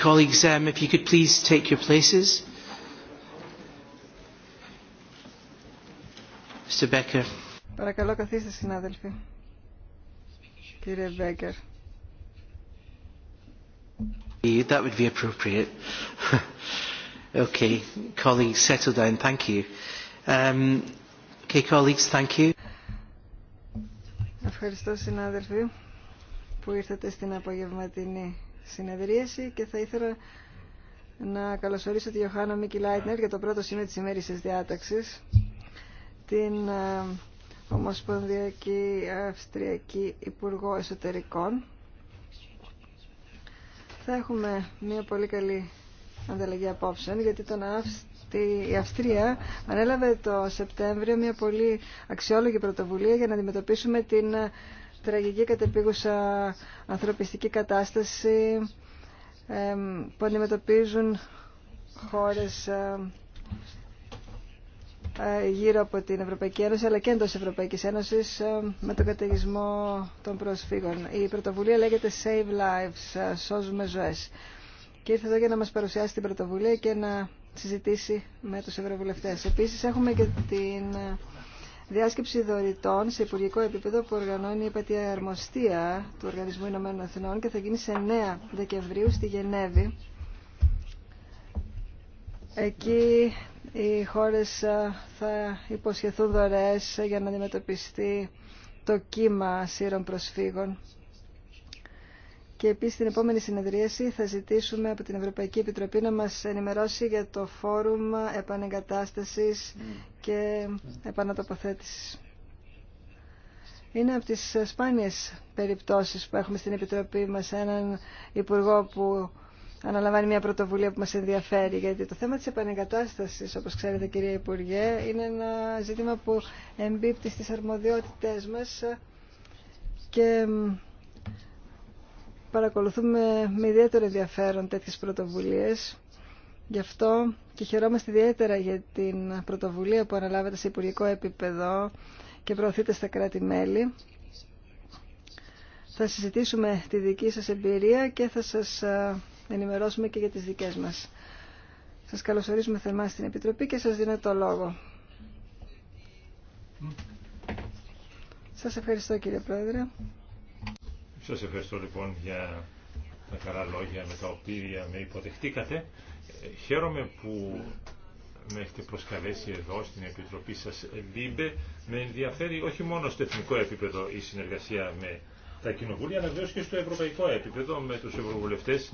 Colleagues, um, if you could please take your places. Mr. Becker. Παρακαλώ καθίστε συνάδελφοι. Κύριε Μπέκερ. That would be appropriate. okay, colleagues, settle down. Thank you. Um, okay, colleagues, thank you. Ευχαριστώ συνάδελφοι που ήρθατε στην απογευματινή συνεδρίαση και θα ήθελα να καλωσορίσω τη Ιωάννα Μίκη Λάιτνερ για το πρώτο σημείο της ημέρησης διάταξης, την ε, Ομοσπονδιακή Αυστριακή Υπουργό Εσωτερικών. Θα έχουμε μια πολύ καλή ανταλλαγή απόψεων, γιατί τον η Αυστρία ανέλαβε το Σεπτέμβριο μια πολύ αξιόλογη πρωτοβουλία για να αντιμετωπίσουμε την τραγική κατεπίγουσα ανθρωπιστική κατάσταση που αντιμετωπίζουν χώρες ε, γύρω από την Ευρωπαϊκή Ένωση αλλά και εντός Ευρωπαϊκής Ένωσης με τον καταιγισμό των προσφύγων. Η πρωτοβουλία λέγεται Save Lives, ε, σώζουμε ζωές. Και ήρθε εδώ για να μας παρουσιάσει την πρωτοβουλία και να συζητήσει με τους ευρωβουλευτές. Επίσης έχουμε και την διάσκεψη δωρητών σε υπουργικό επίπεδο που οργανώνει η Πατία Αρμοστία του Οργανισμού Ηνωμένων και θα γίνει σε 9 Δεκεμβρίου στη Γενέβη. Εκεί οι χώρες ε, θα υποσχεθούν δωρεές για να αντιμετωπιστεί το κύμα σύρων προσφύγων και επίσης στην επόμενη συνεδρίαση θα ζητήσουμε από την Ευρωπαϊκή Επιτροπή να μας ενημερώσει για το Φόρουμ Επανεγκατάστασης και Επανατοποθέτησης. Είναι από τις σπάνιες περιπτώσεις που έχουμε στην Επιτροπή μας έναν Υπουργό που αναλαμβάνει μια πρωτοβουλία που μας ενδιαφέρει, γιατί το θέμα της επανεγκατάστασης, όπως ξέρετε κυρία Υπουργέ, είναι ένα ζήτημα που εμπίπτει στις αρμοδιότητές μας και παρακολουθούμε με ιδιαίτερο ενδιαφέρον τέτοιες πρωτοβουλίες. Γι' αυτό και χαιρόμαστε ιδιαίτερα για την πρωτοβουλία που αναλάβετε σε υπουργικό επίπεδο και προωθείτε στα κράτη-μέλη. Θα συζητήσουμε τη δική σας εμπειρία και θα σας ε, ενημερώσουμε και για τις δικές μας. Σας καλωσορίζουμε θερμά στην Επιτροπή και σας δίνω το λόγο. Σας ευχαριστώ κύριε Πρόεδρε. Σας ευχαριστώ λοιπόν για τα καλά λόγια με τα οποία με υποδεχτήκατε. Χαίρομαι που με έχετε προσκαλέσει εδώ στην Επιτροπή σας ΛΥΜΠΕ. Με ενδιαφέρει όχι μόνο στο εθνικό επίπεδο η συνεργασία με τα κοινοβούλια, αλλά βεβαίω και στο ευρωπαϊκό επίπεδο με τους ευρωβουλευτές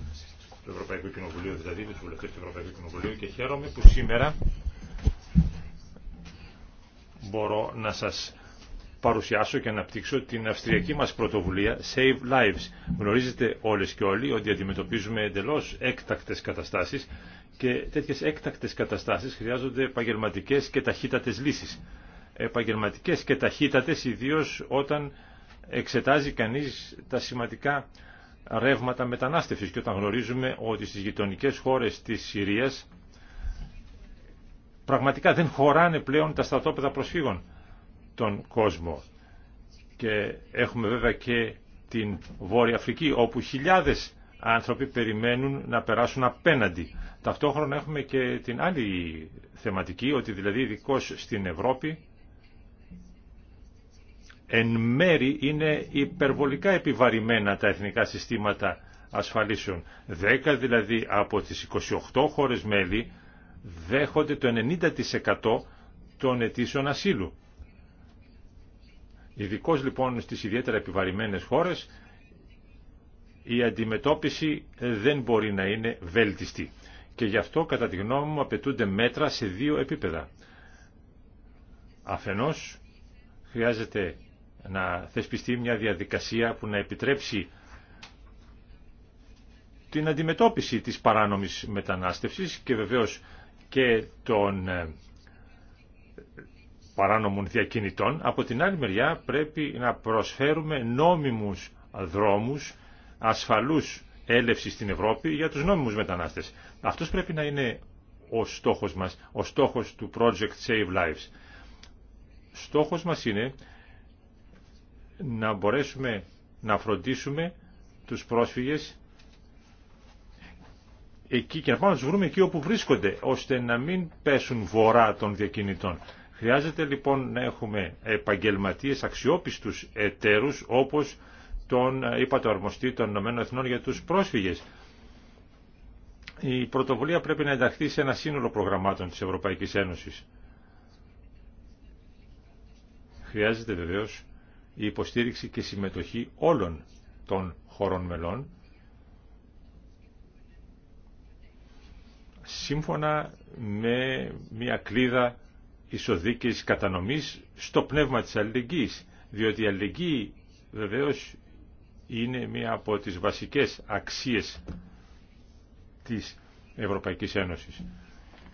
του Ευρωπαϊκού Κοινοβουλίου, δηλαδή τους βουλευτές του Ευρωπαϊκού Κοινοβουλίου και χαίρομαι που σήμερα μπορώ να σας παρουσιάσω και αναπτύξω την αυστριακή μας πρωτοβουλία Save Lives. Γνωρίζετε όλες και όλοι ότι αντιμετωπίζουμε εντελώς έκτακτες καταστάσεις και τέτοιες έκτακτες καταστάσεις χρειάζονται επαγγελματικέ και ταχύτατες λύσεις. επαγγελματικέ και ταχύτατες ιδίως όταν εξετάζει κανείς τα σημαντικά ρεύματα μετανάστευσης και όταν γνωρίζουμε ότι στις γειτονικές χώρες της Συρίας πραγματικά δεν χωράνε πλέον τα στρατόπεδα προσφύγων τον κόσμο. Και έχουμε βέβαια και την Βόρεια Αφρική, όπου χιλιάδες άνθρωποι περιμένουν να περάσουν απέναντι. Ταυτόχρονα έχουμε και την άλλη θεματική, ότι δηλαδή ειδικώ στην Ευρώπη εν μέρη είναι υπερβολικά επιβαρημένα τα εθνικά συστήματα ασφαλίσεων. Δέκα δηλαδή από τις 28 χώρες μέλη δέχονται το 90% των αιτήσεων ασύλου. Ειδικώ λοιπόν στις ιδιαίτερα επιβαρημένες χώρες η αντιμετώπιση ε, δεν μπορεί να είναι βέλτιστη. Και γι' αυτό κατά τη γνώμη μου απαιτούνται μέτρα σε δύο επίπεδα. Αφενός χρειάζεται να θεσπιστεί μια διαδικασία που να επιτρέψει την αντιμετώπιση της παράνομης μετανάστευσης και βεβαίως και των ε, παράνομων διακινητών, από την άλλη μεριά πρέπει να προσφέρουμε νόμιμους δρόμους ασφαλούς έλευση στην Ευρώπη για τους νόμιμους μετανάστες. Αυτός πρέπει να είναι ο στόχος μας, ο στόχος του Project Save Lives. Στόχος μας είναι να μπορέσουμε να φροντίσουμε τους πρόσφυγες εκεί και να πάμε να βρούμε εκεί όπου βρίσκονται, ώστε να μην πέσουν βορρά των διακινητών. Χρειάζεται λοιπόν να έχουμε επαγγελματίες αξιόπιστους εταίρους όπως τον ε, είπα το αρμοστή των Ηνωμένων για τους πρόσφυγες. Η πρωτοβουλία πρέπει να ενταχθεί σε ένα σύνολο προγραμμάτων της Ευρωπαϊκής Ένωσης. Χρειάζεται βεβαίως η υποστήριξη και συμμετοχή όλων των χωρών μελών σύμφωνα με μια κλίδα ισοδίκης κατανομής στο πνεύμα της αλληλεγγύης, διότι η αλληλεγγύη βεβαίως είναι μία από τις βασικές αξίες της Ευρωπαϊκής Ένωσης.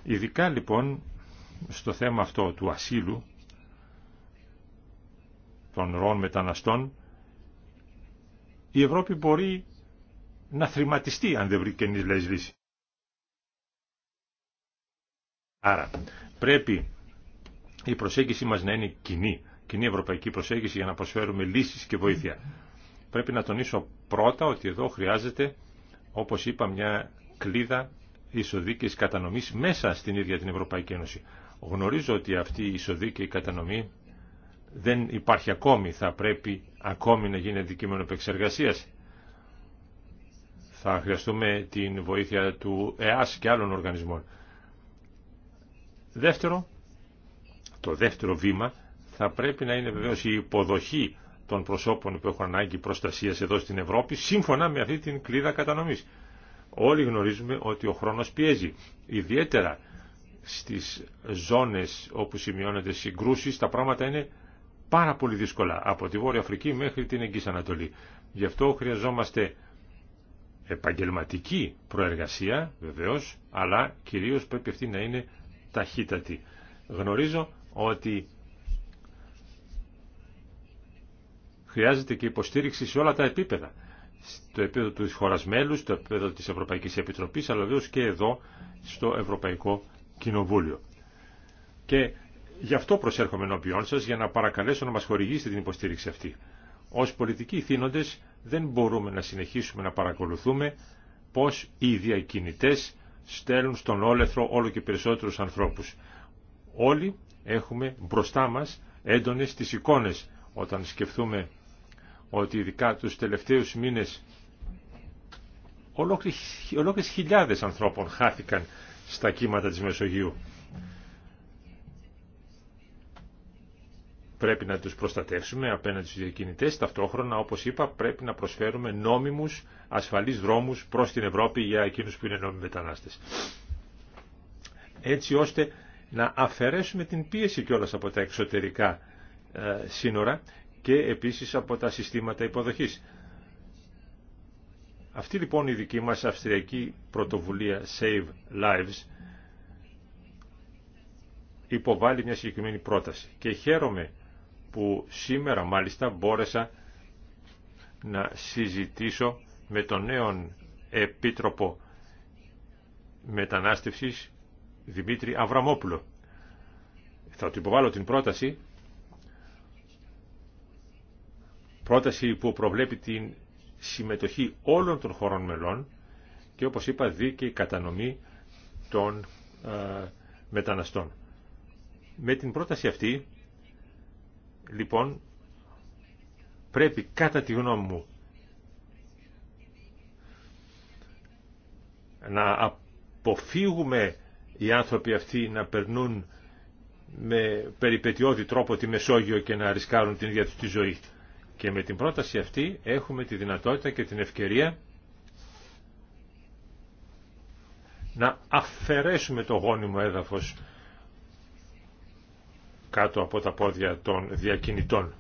Ειδικά λοιπόν στο θέμα αυτό του ασύλου των ροών μεταναστών η Ευρώπη μπορεί να θρηματιστεί αν δεν βρει καινής λύση. Άρα πρέπει η προσέγγιση μας να είναι κοινή, κοινή ευρωπαϊκή προσέγγιση για να προσφέρουμε λύσεις και βοήθεια. Πρέπει να τονίσω πρώτα ότι εδώ χρειάζεται, όπως είπα, μια κλίδα ισοδίκης κατανομής μέσα στην ίδια την Ευρωπαϊκή Ένωση. Γνωρίζω ότι αυτή η ισοδίκη κατανομή δεν υπάρχει ακόμη, θα πρέπει ακόμη να γίνει αντικείμενο επεξεργασίας. Θα χρειαστούμε την βοήθεια του ΕΑΣ και άλλων οργανισμών. Δεύτερο, το δεύτερο βήμα θα πρέπει να είναι βεβαίως η υποδοχή των προσώπων που έχουν ανάγκη προστασίας εδώ στην Ευρώπη σύμφωνα με αυτή την κλίδα κατανομής. Όλοι γνωρίζουμε ότι ο χρόνος πιέζει. Ιδιαίτερα στις ζώνες όπου σημειώνονται συγκρούσεις τα πράγματα είναι πάρα πολύ δύσκολα από τη Βόρεια Αφρική μέχρι την Εγγύς Ανατολή. Γι' αυτό χρειαζόμαστε επαγγελματική προεργασία βεβαίως αλλά κυρίως πρέπει αυτή να είναι ταχύτατη. Γνωρίζω ότι χρειάζεται και υποστήριξη σε όλα τα επίπεδα. Στο επίπεδο του χώρα μέλου, στο επίπεδο της Ευρωπαϊκής Επιτροπής, αλλά βέβαια και εδώ στο Ευρωπαϊκό Κοινοβούλιο. Και γι' αυτό προσέρχομαι ενώπιόν σας για να παρακαλέσω να μας χορηγήσετε την υποστήριξη αυτή. Ως πολιτικοί θύνοντες δεν μπορούμε να συνεχίσουμε να παρακολουθούμε πώς οι διακινητές στέλνουν στον όλεθρο όλο και περισσότερους ανθρώπους. Όλοι έχουμε μπροστά μας έντονες τις εικόνες όταν σκεφτούμε ότι ειδικά τους τελευταίους μήνες ολόκληρες χιλιάδες ανθρώπων χάθηκαν στα κύματα της Μεσογείου. Πρέπει να τους προστατεύσουμε απέναντι στους διακινητές. Ταυτόχρονα, όπως είπα, πρέπει να προσφέρουμε νόμιμους, ασφαλείς δρόμους προς την Ευρώπη για εκείνους που είναι νόμιμοι μετανάστες. Έτσι ώστε να αφαιρέσουμε την πίεση κιόλας από τα εξωτερικά ε, σύνορα και επίσης από τα συστήματα υποδοχής. Αυτή λοιπόν η δική μας αυστριακή πρωτοβουλία Save Lives υποβάλλει μια συγκεκριμένη πρόταση και χαίρομαι που σήμερα μάλιστα μπόρεσα να συζητήσω με τον νέον Επίτροπο Μετανάστευσης Δημήτρη Αβραμόπουλο. Θα του υποβάλω την πρόταση, πρόταση που προβλέπει την συμμετοχή όλων των χωρών μελών και όπως είπα δίκαιη κατανομή των ε, μεταναστών. Με την πρόταση αυτή, λοιπόν, πρέπει κατά τη γνώμη μου να αποφύγουμε οι άνθρωποι αυτοί να περνούν με περιπετειώδη τρόπο τη Μεσόγειο και να ρισκάρουν την ίδια τη ζωή. Και με την πρόταση αυτή έχουμε τη δυνατότητα και την ευκαιρία να αφαιρέσουμε το γόνιμο έδαφος κάτω από τα πόδια των διακινητών.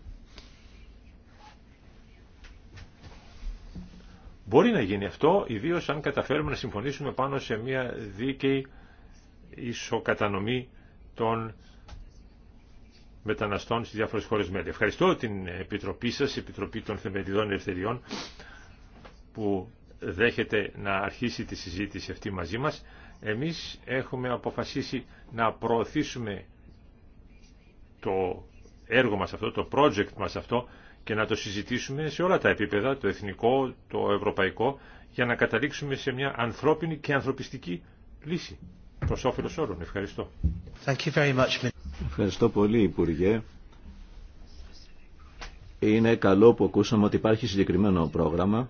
Μπορεί να γίνει αυτό, ιδίως αν καταφέρουμε να συμφωνήσουμε πάνω σε μια δίκαιη ισοκατανομή των μεταναστών στις διάφορες χώρες μέλη. Ευχαριστώ την Επιτροπή σας, η Επιτροπή των Θεμελιδών Ελευθεριών, που δέχεται να αρχίσει τη συζήτηση αυτή μαζί μας. Εμείς έχουμε αποφασίσει να προωθήσουμε το έργο μας αυτό, το project μας αυτό και να το συζητήσουμε σε όλα τα επίπεδα, το εθνικό, το ευρωπαϊκό, για να καταλήξουμε σε μια ανθρώπινη και ανθρωπιστική λύση. Ευχαριστώ. Thank you very much. Ευχαριστώ πολύ Υπουργέ. Είναι καλό που ακούσαμε ότι υπάρχει συγκεκριμένο πρόγραμμα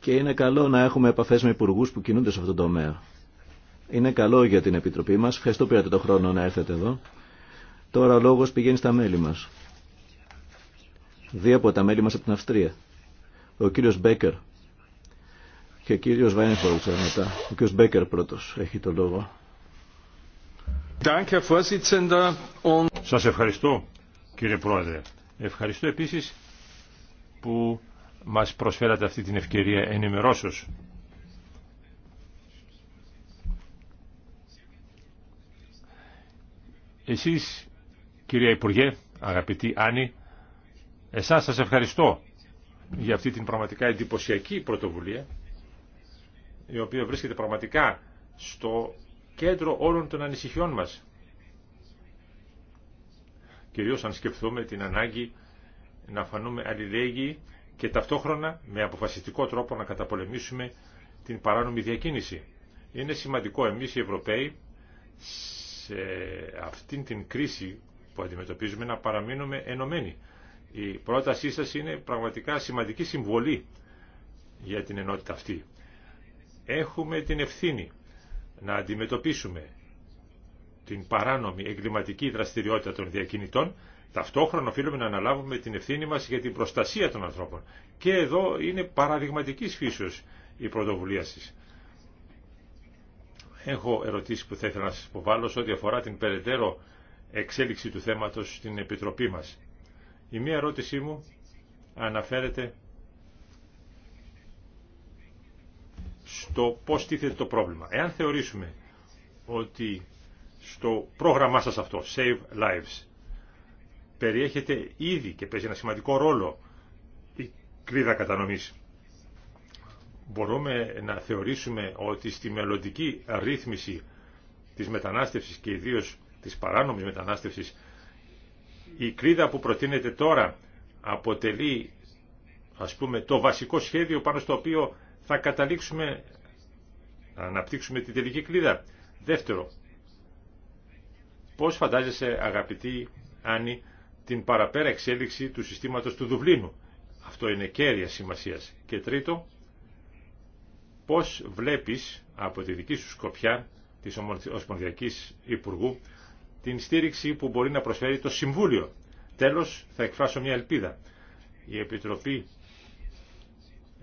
και είναι καλό να έχουμε επαφές με υπουργούς που κινούνται σε αυτό το τομέα. Είναι καλό για την Επιτροπή μας. Ευχαριστώ πήρατε το χρόνο να έρθετε εδώ. Τώρα ο λόγος πηγαίνει στα μέλη μας. Δύο από τα μέλη μας από την Αυστρία. Ο κύριος Μπέκερ και κύριος Ο κύριος Μπέκερ πρώτος έχει το λόγο. Σας ευχαριστώ κύριε Πρόεδρε. Ευχαριστώ επίσης που μας προσφέρατε αυτή την ευκαιρία ενημερώσεως. Εσείς κύριε Υπουργέ, αγαπητή Άννη, εσάς σας ευχαριστώ για αυτή την πραγματικά εντυπωσιακή πρωτοβουλία η οποία βρίσκεται πραγματικά στο κέντρο όλων των ανησυχιών μας. Κυρίως αν σκεφτούμε την ανάγκη να φανούμε αλληλέγγυοι και ταυτόχρονα με αποφασιστικό τρόπο να καταπολεμήσουμε την παράνομη διακίνηση. Είναι σημαντικό εμείς οι Ευρωπαίοι σε αυτήν την κρίση που αντιμετωπίζουμε να παραμείνουμε ενωμένοι. Η πρότασή σας είναι πραγματικά σημαντική συμβολή για την ενότητα αυτή έχουμε την ευθύνη να αντιμετωπίσουμε την παράνομη εγκληματική δραστηριότητα των διακινητών, ταυτόχρονα οφείλουμε να αναλάβουμε την ευθύνη μας για την προστασία των ανθρώπων. Και εδώ είναι παραδειγματική φύσεως η πρωτοβουλία Έχω ερωτήσει που θα ήθελα να σα υποβάλω σε ό,τι αφορά την περαιτέρω εξέλιξη του θέματος στην Επιτροπή μας. Η μία ερώτησή μου αναφέρεται στο πώς τίθεται το πρόβλημα. Εάν θεωρήσουμε ότι στο πρόγραμμά σας αυτό, Save Lives, περιέχεται ήδη και παίζει ένα σημαντικό ρόλο η κλίδα κατανομής. Μπορούμε να θεωρήσουμε ότι στη μελλοντική ρύθμιση της μετανάστευσης και ιδίως της παράνομης μετανάστευσης, η κρίδα που προτείνεται τώρα αποτελεί ας πούμε το βασικό σχέδιο πάνω στο οποίο θα καταλήξουμε να αναπτύξουμε την τελική κλίδα. Δεύτερο, πώς φαντάζεσαι αγαπητή Άννη την παραπέρα εξέλιξη του συστήματος του Δουβλίνου. Αυτό είναι κέρια σημασίας. Και τρίτο, πώς βλέπεις από τη δική σου σκοπιά της Ομοσπονδιακής Υπουργού την στήριξη που μπορεί να προσφέρει το Συμβούλιο. Τέλος, θα εκφράσω μια ελπίδα. Η Επιτροπή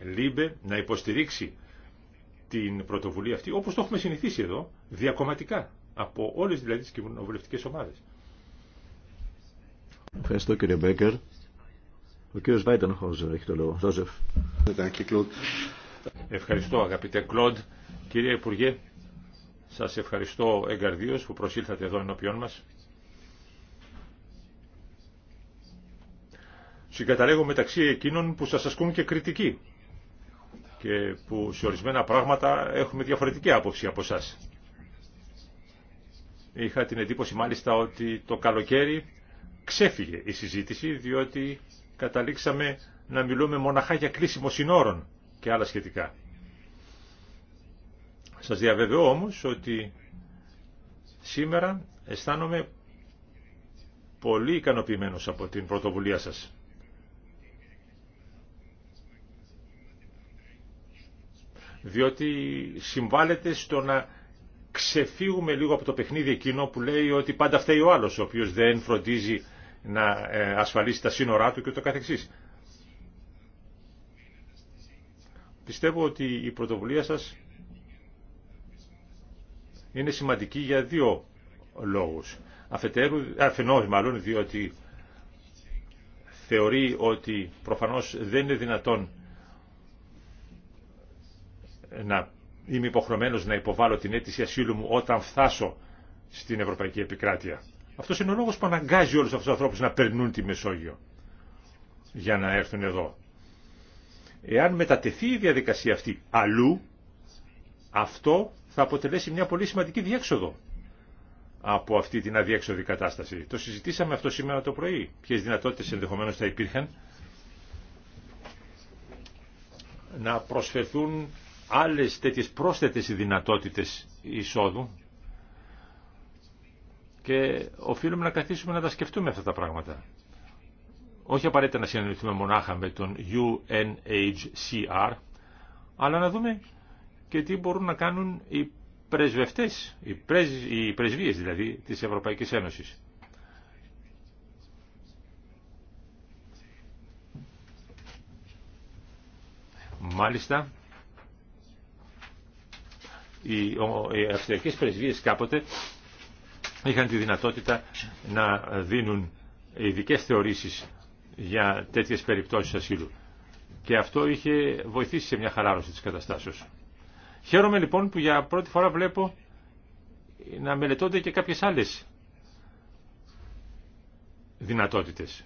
Λίμπε να υποστηρίξει την πρωτοβουλία αυτή, όπως το έχουμε συνηθίσει εδώ, διακομματικά, από όλες δηλαδή τις κοινοβουλευτικές ομάδες. Ευχαριστώ κύριε Μπέκερ. Ο κύριος Βάιντεν Χόζερ έχει το λόγο. Ευχαριστώ αγαπητέ Κλοντ. Κύριε Υπουργέ, σας ευχαριστώ εγκαρδίως που προσήλθατε εδώ ενώπιόν μας. Συγκαταλέγω μεταξύ εκείνων που σας ασκούν και κριτική και που σε ορισμένα πράγματα έχουμε διαφορετική άποψη από εσά. Είχα την εντύπωση μάλιστα ότι το καλοκαίρι ξέφυγε η συζήτηση διότι καταλήξαμε να μιλούμε μοναχά για κλείσιμο συνόρων και άλλα σχετικά. Σας διαβεβαιώ όμως ότι σήμερα αισθάνομαι πολύ ικανοποιημένος από την πρωτοβουλία σας. διότι συμβάλλεται στο να ξεφύγουμε λίγο από το παιχνίδι εκείνο που λέει ότι πάντα φταίει ο άλλος, ο οποίος δεν φροντίζει να ε, ασφαλίσει τα σύνορά του και το καθεξής. Πιστεύω ότι η πρωτοβουλία σας είναι σημαντική για δύο λόγους. Αφετέρου, αφενός μάλλον, διότι θεωρεί ότι προφανώς δεν είναι δυνατόν να είμαι υποχρεωμένο να υποβάλω την αίτηση ασύλου μου όταν φτάσω στην Ευρωπαϊκή Επικράτεια. Αυτός είναι ο λόγος που αναγκάζει όλους αυτούς τους ανθρώπους να περνούν τη Μεσόγειο για να έρθουν εδώ. Εάν μετατεθεί η διαδικασία αυτή αλλού, αυτό θα αποτελέσει μια πολύ σημαντική διέξοδο από αυτή την αδιέξοδη κατάσταση. Το συζητήσαμε αυτό σήμερα το πρωί. Ποιε δυνατότητε ενδεχομένω θα υπήρχαν να προσφερθούν άλλες τέτοιες πρόσθετες δυνατότητες εισόδου και οφείλουμε να καθίσουμε να τα σκεφτούμε αυτά τα πράγματα. Όχι απαραίτητα να συνεννοηθούμε μονάχα με τον UNHCR, αλλά να δούμε και τι μπορούν να κάνουν οι πρεσβευτές, οι, πρεσ, οι πρεσβείες δηλαδή της Ευρωπαϊκής Ένωσης. Μάλιστα, οι αυστριακές πρεσβείες κάποτε είχαν τη δυνατότητα να δίνουν ειδικέ θεωρήσεις για τέτοιες περιπτώσεις ασύλου. Και αυτό είχε βοηθήσει σε μια χαλάρωση της καταστάσεως. Χαίρομαι λοιπόν που για πρώτη φορά βλέπω να μελετώνται και κάποιες άλλες δυνατότητες.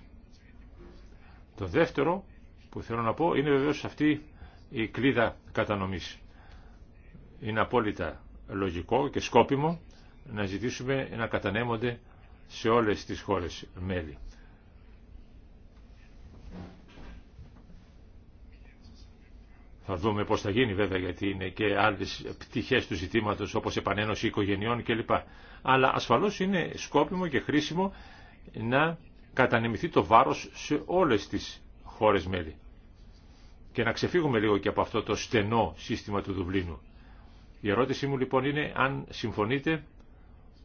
Το δεύτερο που θέλω να πω είναι βεβαίως αυτή η κλίδα κατανομής είναι απόλυτα λογικό και σκόπιμο να ζητήσουμε να κατανέμονται σε όλες τις χώρες μέλη. Θα δούμε πώς θα γίνει βέβαια γιατί είναι και άλλες πτυχές του ζητήματος όπως επανένωση οικογενειών κλπ. Αλλά ασφαλώς είναι σκόπιμο και χρήσιμο να κατανεμηθεί το βάρος σε όλες τις χώρες μέλη. Και να ξεφύγουμε λίγο και από αυτό το στενό σύστημα του Δουβλίνου. Η ερώτησή μου λοιπόν είναι αν συμφωνείτε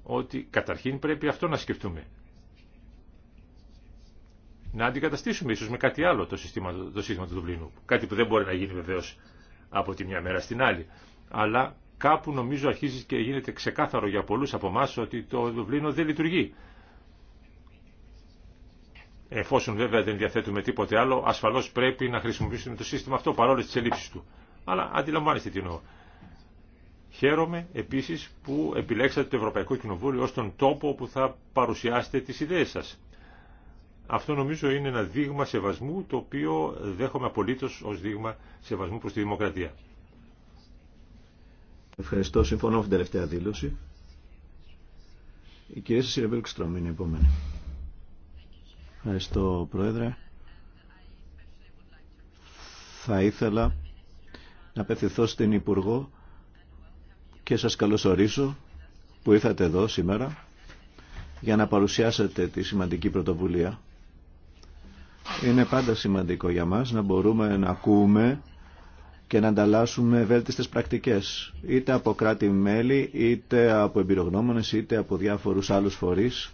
ότι καταρχήν πρέπει αυτό να σκεφτούμε. Να αντικαταστήσουμε ίσως με κάτι άλλο το σύστημα, το σύστημα του Δουβλίνου. Κάτι που δεν μπορεί να γίνει βεβαίως από τη μια μέρα στην άλλη. Αλλά κάπου νομίζω αρχίζει και γίνεται ξεκάθαρο για πολλούς από εμά ότι το Δουβλίνο δεν λειτουργεί. Εφόσον βέβαια δεν διαθέτουμε τίποτε άλλο, ασφαλώς πρέπει να χρησιμοποιήσουμε το σύστημα αυτό παρόλες τις ελλείψεις του. Αλλά αντιλαμβάνεστε τι εννοώ. Χαίρομαι επίσης που επιλέξατε το Ευρωπαϊκό Κοινοβούλιο ως τον τόπο όπου θα παρουσιάσετε τις ιδέες σας. Αυτό νομίζω είναι ένα δείγμα σεβασμού το οποίο δέχομαι απολύτως ως δείγμα σεβασμού προς τη δημοκρατία. Ευχαριστώ. Συμφωνώ με την τελευταία δήλωση. Η κυρία Σιρεβέλ είναι η επόμενη. Ευχαριστώ, Πρόεδρε. Θα ήθελα να απευθυνθώ στην Υπουργό και σας καλωσορίσω που ήρθατε εδώ σήμερα για να παρουσιάσετε τη σημαντική πρωτοβουλία. Είναι πάντα σημαντικό για μας να μπορούμε να ακούμε και να ανταλλάσσουμε βέλτιστες πρακτικές, είτε από κράτη-μέλη, είτε από εμπειρογνώμονες, είτε από διάφορους άλλους φορείς.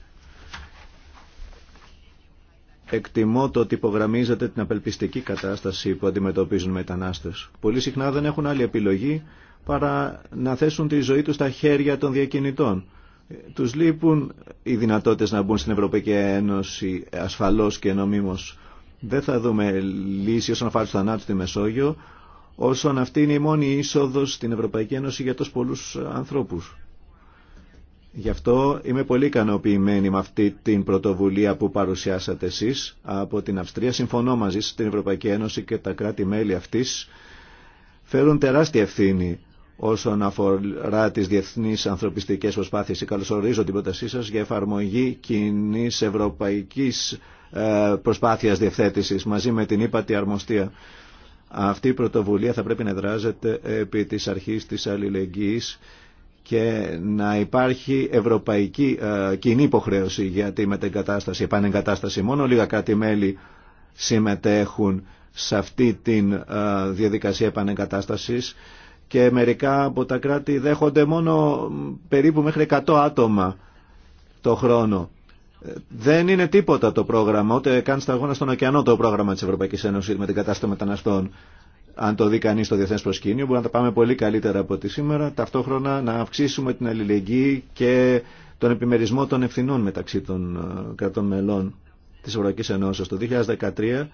Εκτιμώ το ότι υπογραμμίζεται την απελπιστική κατάσταση που αντιμετωπίζουν μετανάστες. Πολύ συχνά δεν έχουν άλλη επιλογή παρά να θέσουν τη ζωή τους στα χέρια των διακινητών. Τους λείπουν οι δυνατότητες να μπουν στην Ευρωπαϊκή Ένωση ασφαλώς και νομίμως. Δεν θα δούμε λύση όσον αφορά τους θανάτους στη Μεσόγειο, όσον αυτή είναι η μόνη είσοδος στην Ευρωπαϊκή Ένωση για τους πολλούς ανθρώπους. Γι' αυτό είμαι πολύ ικανοποιημένη με αυτή την πρωτοβουλία που παρουσιάσατε εσείς από την Αυστρία. Συμφωνώ μαζί στην Ευρωπαϊκή Ένωση και τα κράτη-μέλη αυτής φέρουν τεράστια ευθύνη όσον αφορά τι διεθνεί ανθρωπιστικέ προσπάθειε. Καλωσορίζω την πρότασή σα για εφαρμογή κοινή ευρωπαϊκή ε, προσπάθεια διευθέτηση μαζί με την ύπατη αρμοστία. Αυτή η πρωτοβουλία θα πρέπει να δράζεται επί της αρχής της αλληλεγγύης και να υπάρχει ευρωπαϊκή ε, κοινή υποχρέωση για τη μετεγκατάσταση, επανεγκατάσταση. Μόνο λίγα κράτη-μέλη συμμετέχουν σε αυτή τη ε, διαδικασία επανεγκατάστασης και μερικά από τα κράτη δέχονται μόνο περίπου μέχρι 100 άτομα το χρόνο. Ε, δεν είναι τίποτα το πρόγραμμα, ούτε καν αγώνα στον ωκεανό το πρόγραμμα της Ευρωπαϊκής Ένωσης με την κατάσταση μεταναστών. Αν το δει κανεί στο διεθνέ προσκήνιο, μπορούμε να τα πάμε πολύ καλύτερα από ό,τι σήμερα. Ταυτόχρονα να αυξήσουμε την αλληλεγγύη και τον επιμερισμό των ευθυνών μεταξύ των ε, κρατών μελών τη Ευρωπαϊκή Ένωση. Το 2013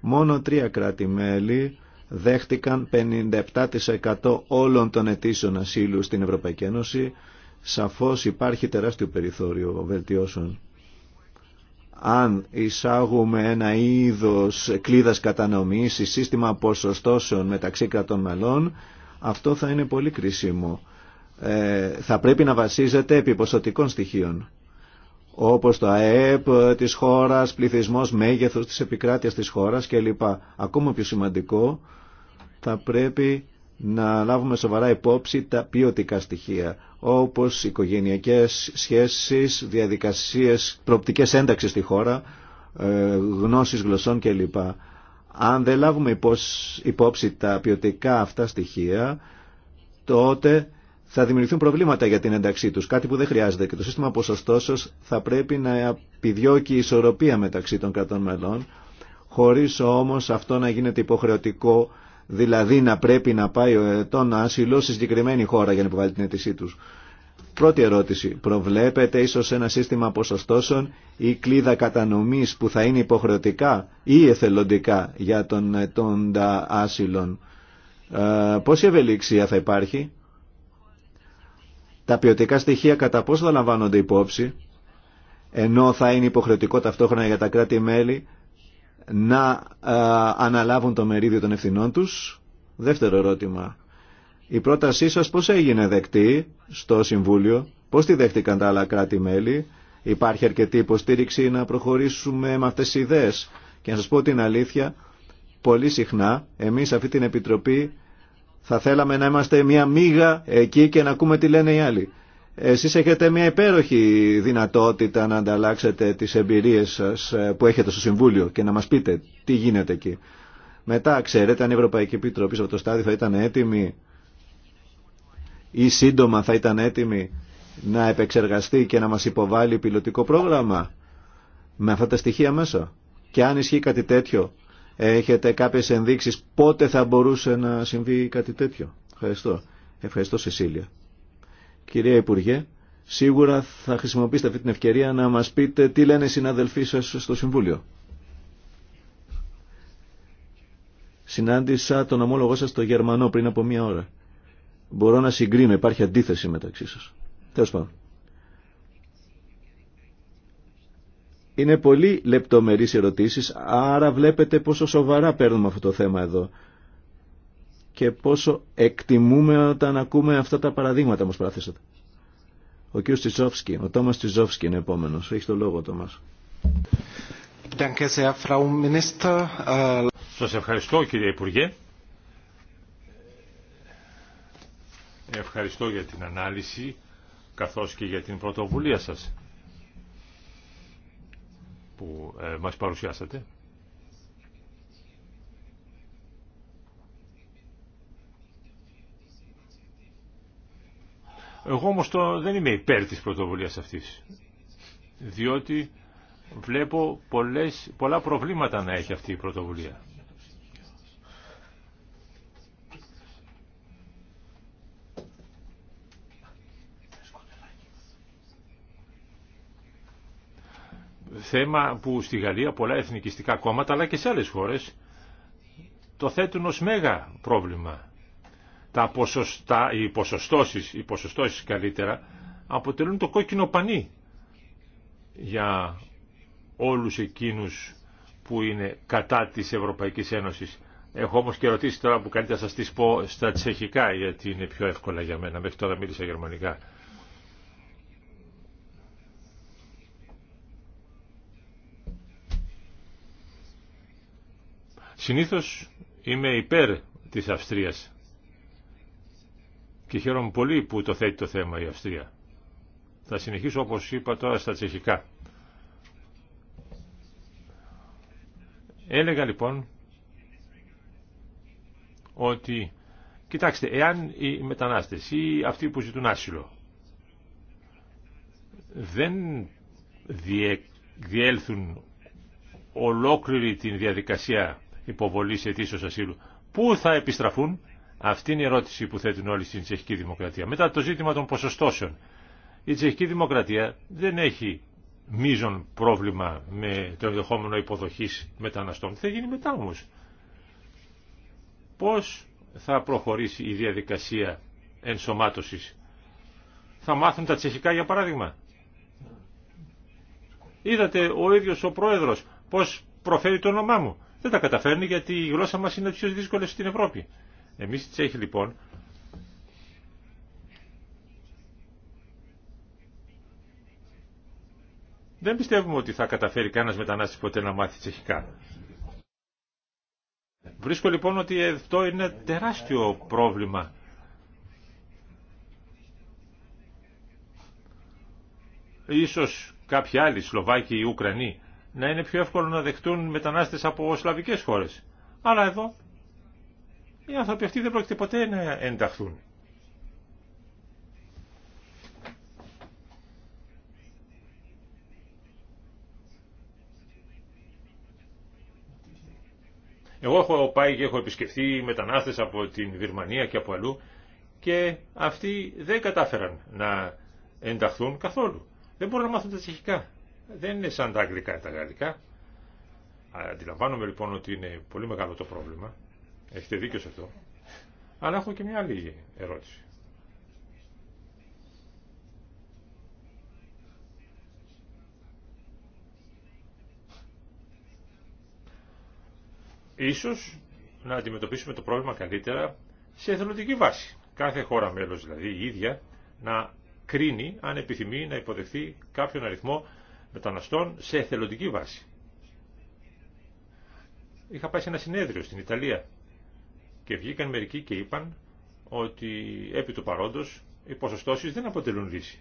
μόνο τρία κράτη-μέλη δέχτηκαν 57% όλων των αιτήσεων ασύλου στην Ευρωπαϊκή Ένωση. Σαφώς υπάρχει τεράστιο περιθώριο βελτιώσεων. Αν εισάγουμε ένα είδος κλίδας κατανομής ή σύστημα ποσοστώσεων μεταξύ κρατών μελών, αυτό θα είναι πολύ κρίσιμο. Ε, θα πρέπει να βασίζεται επί ποσοτικών στοιχείων όπως το ΑΕΠ της χώρας, πληθυσμός, μέγεθος της επικράτειας της χώρας κλπ. Ακόμα πιο σημαντικό, θα πρέπει να λάβουμε σοβαρά υπόψη τα ποιοτικά στοιχεία, όπως οικογενειακές σχέσεις, διαδικασίες, προοπτικές ένταξης στη χώρα, ε, γνώσεις γλωσσών κλπ. Αν δεν λάβουμε υπόψη τα ποιοτικά αυτά στοιχεία, τότε θα δημιουργηθούν προβλήματα για την ένταξή του κάτι που δεν χρειάζεται και το σύστημα ποσοστώσεως θα πρέπει να επιδιώκει ισορροπία μεταξύ των κρατών μελών, χωρί όμω αυτό να γίνεται υποχρεωτικό, δηλαδή να πρέπει να πάει ο ετών άσυλο σε συγκεκριμένη χώρα για να υποβάλει την αίτησή του. Πρώτη ερώτηση. Προβλέπετε ίσω ένα σύστημα ποσοστώσεων ή κλίδα κατανομής που θα είναι υποχρεωτικά ή εθελοντικά για τον ετώντα άσυλων. Ε, πόση ευελιξία θα υπάρχει τα ποιοτικά στοιχεία κατά πόσο θα λαμβάνονται υπόψη, ενώ θα είναι υποχρεωτικό ταυτόχρονα για τα κράτη-μέλη να ε, αναλάβουν το μερίδιο των ευθυνών τους. Δεύτερο ερώτημα. Η πρότασή σας πώς έγινε δεκτή στο Συμβούλιο, πώς τη δέχτηκαν τα άλλα κράτη-μέλη, υπάρχει αρκετή υποστήριξη να προχωρήσουμε με αυτές τις ιδέες. Και να σας πω την αλήθεια, πολύ συχνά εμείς αυτή την Επιτροπή θα θέλαμε να είμαστε μια μίγα εκεί και να ακούμε τι λένε οι άλλοι. Εσείς έχετε μια υπέροχη δυνατότητα να ανταλλάξετε τις εμπειρίες σας ε, που έχετε στο Συμβούλιο και να μας πείτε τι γίνεται εκεί. Μετά, ξέρετε, αν η Ευρωπαϊκή Επιτροπή σε αυτό το στάδιο θα ήταν έτοιμη ή σύντομα θα ήταν έτοιμη να επεξεργαστεί και να μας υποβάλει πιλωτικό πρόγραμμα με αυτά τα στοιχεία μέσα. Και αν ισχύει κάτι τέτοιο, Έχετε κάποιες ενδείξεις πότε θα μπορούσε να συμβεί κάτι τέτοιο. Ευχαριστώ. Ευχαριστώ Σεσίλια. Κυρία Υπουργέ, σίγουρα θα χρησιμοποιήσετε αυτή την ευκαιρία να μας πείτε τι λένε οι συναδελφοί σας στο Συμβούλιο. Συνάντησα τον ομόλογό σας στο Γερμανό πριν από μία ώρα. Μπορώ να συγκρίνω, υπάρχει αντίθεση μεταξύ σας. Τέλος πάντων. Είναι πολύ λεπτομερείς ερωτήσεις, άρα βλέπετε πόσο σοβαρά παίρνουμε αυτό το θέμα εδώ και πόσο εκτιμούμε όταν ακούμε αυτά τα παραδείγματα που μας Ο κ. Τζοφσκι, ο Τόμας Τζοφσκι είναι επόμενος. Έχει το λόγο, Τόμας. Σας ευχαριστώ, κύριε Υπουργέ. Ευχαριστώ για την ανάλυση, καθώς και για την πρωτοβουλία σας που ε, μας παρουσιάσατε. Εγώ όμως δεν είμαι υπέρ της πρωτοβουλίας αυτής, διότι βλέπω πολλές, πολλά προβλήματα να έχει αυτή η πρωτοβουλία. θέμα που στη Γαλλία πολλά εθνικιστικά κόμματα αλλά και σε άλλες χώρες το θέτουν ως μέγα πρόβλημα. Τα ποσοστά, οι ποσοστώσεις, καλύτερα, αποτελούν το κόκκινο πανί για όλους εκείνους που είναι κατά της Ευρωπαϊκής Ένωσης. Έχω όμως και ερωτήσει τώρα που καλύτερα σας τις πω στα τσεχικά γιατί είναι πιο εύκολα για μένα. Μέχρι τώρα μίλησα γερμανικά. Συνήθως είμαι υπέρ της Αυστρίας και χαίρομαι πολύ που το θέτει το θέμα η Αυστρία. Θα συνεχίσω όπως είπα τώρα στα τσεχικά. Έλεγα λοιπόν ότι κοιτάξτε, εάν οι μετανάστες ή αυτοί που ζητούν άσυλο δεν διέλθουν ολόκληρη την διαδικασία Υποβολή Πού θα επιστραφούν, αυτή είναι η ερώτηση που θέτουν όλοι στην τσεχική δημοκρατία. Μετά το ζήτημα των ποσοστώσεων. Η τσεχική δημοκρατία δεν έχει μείζον πρόβλημα με το ενδεχόμενο υποδοχής μεταναστών. Θα γίνει μετά όμω. Πώς θα προχωρήσει η διαδικασία ενσωμάτωση. Θα μάθουν τα τσεχικά για παράδειγμα. Είδατε ο ίδιος ο πρόεδρος πώς προφέρει το όνομά μου δεν τα καταφέρνει γιατί η γλώσσα μας είναι πιο δύσκολη στην Ευρώπη. Εμείς οι Τσέχοι λοιπόν δεν πιστεύουμε ότι θα καταφέρει κανένας μετανάστης ποτέ να μάθει τσεχικά. Βρίσκω λοιπόν ότι αυτό είναι τεράστιο πρόβλημα. Ίσως κάποιοι άλλοι, Σλοβάκοι ή Ουκρανοί, να είναι πιο εύκολο να δεχτούν μετανάστες από σλαβικές χώρες. Αλλά εδώ οι άνθρωποι αυτοί δεν πρόκειται ποτέ να ενταχθούν. Εγώ έχω πάει και έχω επισκεφθεί μετανάστες από την Βυρμανία και από αλλού και αυτοί δεν κατάφεραν να ενταχθούν καθόλου. Δεν μπορούν να μάθουν τα τσεχικά δεν είναι σαν τα αγγλικά τα γαλλικά. Αντιλαμβάνομαι λοιπόν ότι είναι πολύ μεγάλο το πρόβλημα. Έχετε δίκιο σε αυτό. Αλλά έχω και μια άλλη ερώτηση. Ίσως να αντιμετωπίσουμε το πρόβλημα καλύτερα σε εθελοντική βάση. Κάθε χώρα μέλος δηλαδή η ίδια να κρίνει αν επιθυμεί να υποδεχθεί κάποιον αριθμό μεταναστών σε εθελοντική βάση. Είχα πάει σε ένα συνέδριο στην Ιταλία και βγήκαν μερικοί και είπαν ότι επί του παρόντος οι ποσοστώσεις δεν αποτελούν λύση.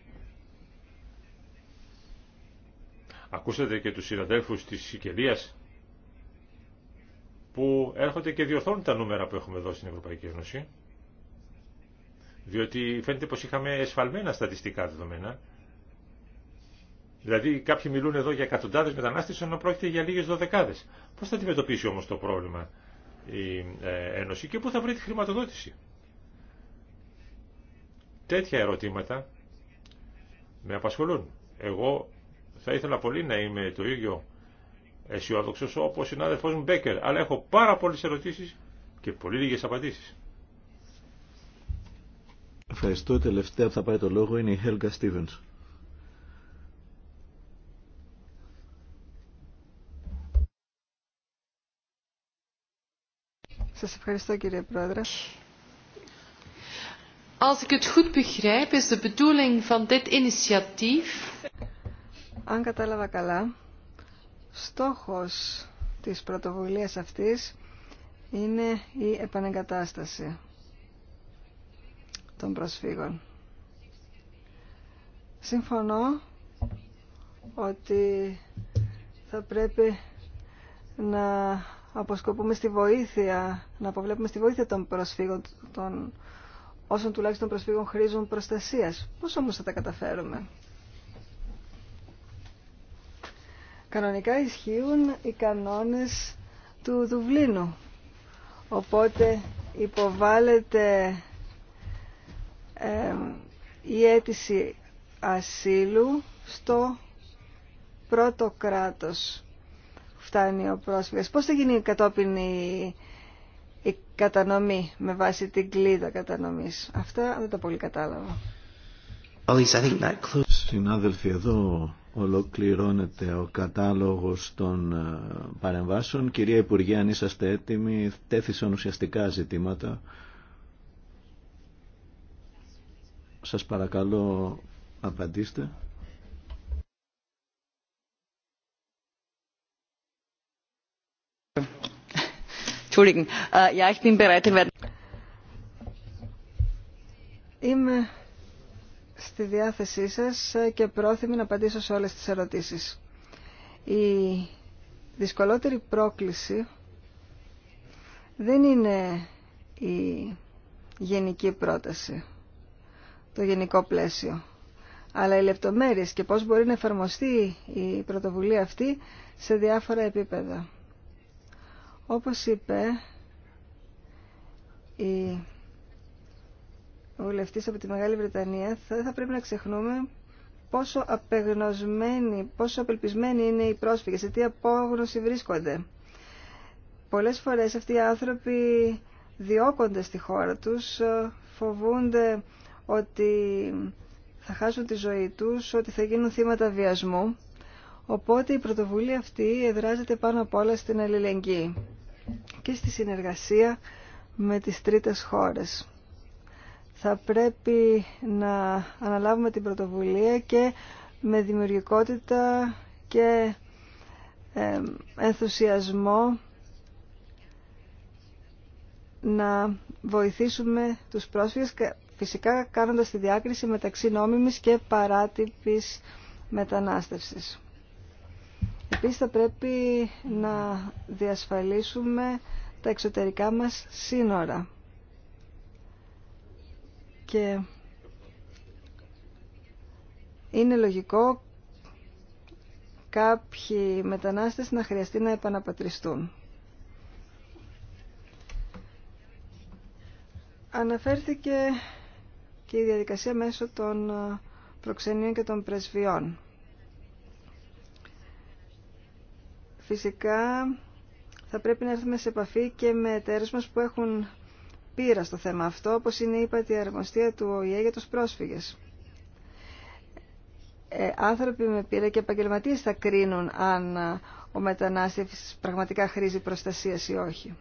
Ακούσατε και τους συναδέλφους της Σικελίας που έρχονται και διορθώνουν τα νούμερα που έχουμε εδώ στην Ευρωπαϊκή Ένωση διότι φαίνεται πως είχαμε εσφαλμένα στατιστικά δεδομένα Δηλαδή κάποιοι μιλούν εδώ για εκατοντάδε μετανάστε, ενώ πρόκειται για λίγε δωδεκάδες. Πώ θα αντιμετωπίσει όμω το πρόβλημα η ε, Ένωση και πού θα βρει τη χρηματοδότηση. Τέτοια ερωτήματα με απασχολούν. Εγώ θα ήθελα πολύ να είμαι το ίδιο αισιόδοξο όπω ο συνάδελφό μου Μπέκερ, αλλά έχω πάρα πολλέ ερωτήσει και πολύ λίγε απαντήσει. Ευχαριστώ. Τελευταία που θα πάρει το λόγο είναι η Helga Stevens. Σας ευχαριστώ κύριε Πρόεδρε. Αν κατάλαβα καλά, στόχος της πρωτοβουλίας αυτής είναι η επανεγκατάσταση των προσφύγων. Συμφωνώ ότι θα πρέπει να αποσκοπούμε στη βοήθεια, να αποβλέπουμε στη βοήθεια των προσφύγων, των όσων τουλάχιστον προσφύγων χρήζουν προστασίας. Πώς όμως θα τα καταφέρουμε. Κανονικά ισχύουν οι κανόνες του Δουβλίνου. Οπότε υποβάλλεται η αίτηση ασύλου στο πρώτο κράτος φτάνει ο Πώς θα γίνει κατόπιν η, η κατανομή με βάση την κλίδα κατανομής. Αυτά δεν τα πολύ κατάλαβα. Συνάδελφοι, εδώ ολοκληρώνεται ο κατάλογος των ε, παρεμβάσεων. Κυρία Υπουργέ, αν είσαστε έτοιμοι, τέθησαν ουσιαστικά ζητήματα. Σας παρακαλώ, απαντήστε. Äh, Είμαι στη διάθεσή σας και πρόθυμη να απαντήσω σε όλες τις ερωτήσεις. Η δυσκολότερη πρόκληση δεν είναι η γενική πρόταση, το γενικό πλαίσιο, αλλά οι λεπτομέρειες και πώς μπορεί να εφαρμοστεί η πρωτοβουλία αυτή σε διάφορα επίπεδα. Όπως είπε η βουλευτής από τη Μεγάλη Βρετανία, θα, θα πρέπει να ξεχνούμε πόσο απεγνωσμένοι, πόσο απελπισμένοι είναι οι πρόσφυγες, σε τι απόγνωση βρίσκονται. Πολλές φορές αυτοί οι άνθρωποι διώκονται στη χώρα τους, φοβούνται ότι θα χάσουν τη ζωή τους, ότι θα γίνουν θύματα βιασμού. Οπότε η πρωτοβουλία αυτή εδράζεται πάνω απ' όλα στην αλληλεγγύη και στη συνεργασία με τις τρίτες χώρες. Θα πρέπει να αναλάβουμε την πρωτοβουλία και με δημιουργικότητα και ενθουσιασμό να βοηθήσουμε τους πρόσφυγες φυσικά κάνοντας τη διάκριση μεταξύ νόμιμης και παράτυπης μετανάστευσης. Επίσης θα πρέπει να διασφαλίσουμε τα εξωτερικά μας σύνορα. Και είναι λογικό κάποιοι μετανάστες να χρειαστεί να επαναπατριστούν. Αναφέρθηκε και η διαδικασία μέσω των προξενείων και των πρεσβειών. Φυσικά θα πρέπει να έρθουμε σε επαφή και με εταίρες μας που έχουν πείρα στο θέμα αυτό, όπως είναι η πατιαρμοστία του ΟΗΕ για τους πρόσφυγες. Ε, άνθρωποι με πείρα και επαγγελματίε θα κρίνουν αν ε, ο μετανάστευς πραγματικά χρήζει προστασία ή όχι.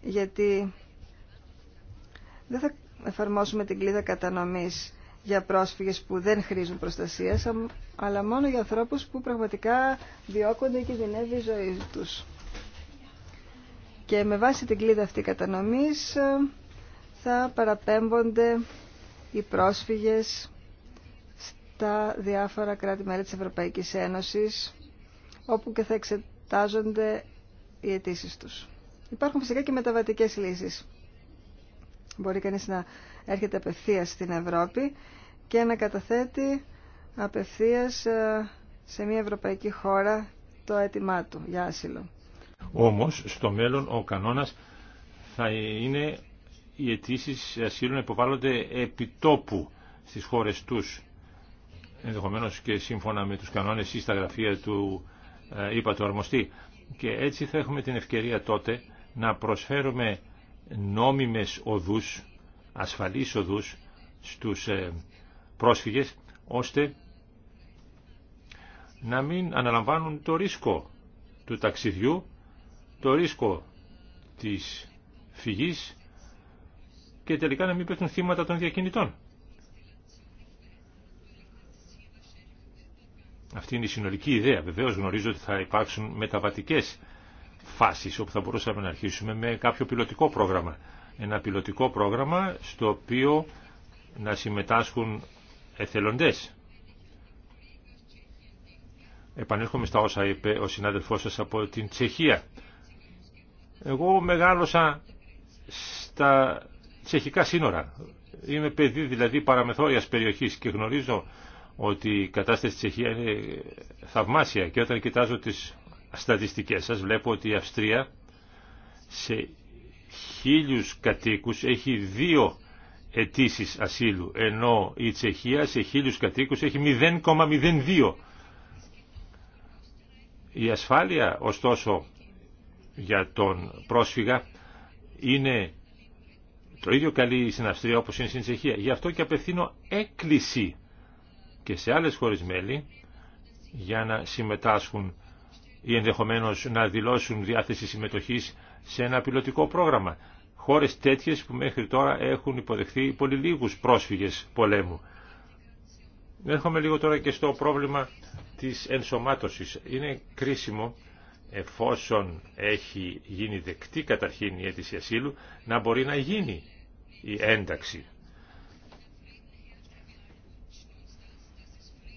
Γιατί δεν θα εφαρμόσουμε την κλίδα κατανομής για πρόσφυγες που δεν χρήζουν προστασίας, αλλά μόνο για ανθρώπους που πραγματικά διώκονται και κινδυνεύει η ζωή τους. Και με βάση την κλίδα αυτή κατανομής ε, θα παραπέμπονται οι πρόσφυγες στα διάφορα κράτη-μέλη της Ευρωπαϊκής Ένωσης, όπου και θα εξετάζονται οι αιτήσει τους. Υπάρχουν φυσικά και μεταβατικές λύσεις. Μπορεί κανείς να έρχεται απευθείας στην Ευρώπη και να καταθέτει απευθείας ε, σε μια ευρωπαϊκή χώρα το αίτημά του για άσυλο. Όμως στο μέλλον ο κανόνας θα είναι οι αιτήσει ασύλου να επί επιτόπου στις χώρες τους ενδεχομένως και σύμφωνα με τους κανόνες ή στα γραφεία του ε, είπα του αρμοστή και έτσι θα έχουμε την ευκαιρία τότε να προσφέρουμε νόμιμες οδούς ασφαλείς οδούς στους ε, πρόσφυγες ώστε να μην αναλαμβάνουν το ρίσκο του ταξιδιού, το ρίσκο της φυγής και τελικά να μην πέφτουν θύματα των διακινητών. Αυτή είναι η συνολική ιδέα. Βεβαίως γνωρίζω ότι θα υπάρξουν μεταβατικές φάσεις όπου θα μπορούσαμε να αρχίσουμε με κάποιο πιλωτικό πρόγραμμα ένα πιλωτικό πρόγραμμα στο οποίο να συμμετάσχουν εθελοντές. Επανέρχομαι στα όσα είπε ο συνάδελφός σας από την Τσεχία. Εγώ μεγάλωσα στα τσεχικά σύνορα. Είμαι παιδί δηλαδή παραμεθόριας περιοχής και γνωρίζω ότι η κατάσταση της Τσεχία είναι θαυμάσια και όταν κοιτάζω τις στατιστικές σας βλέπω ότι η Αυστρία σε χίλιους κατοίκους έχει δύο αιτήσει ασύλου, ενώ η Τσεχία σε χίλιους κατοίκους έχει 0,02. Η ασφάλεια, ωστόσο, για τον πρόσφυγα είναι το ίδιο καλή στην Αυστρία όπως είναι στην Τσεχία. Γι' αυτό και απευθύνω έκκληση και σε άλλες χώρες μέλη για να συμμετάσχουν ή ενδεχομένως να δηλώσουν διάθεση συμμετοχής σε ένα πιλωτικό πρόγραμμα. Χώρες τέτοιες που μέχρι τώρα έχουν υποδεχθεί πολύ λίγους πρόσφυγες πολέμου. Έρχομαι λίγο τώρα και στο πρόβλημα της ενσωμάτωσης. Είναι κρίσιμο εφόσον έχει γίνει δεκτή καταρχήν η αίτηση ασύλου, να μπορεί να γίνει η ένταξη.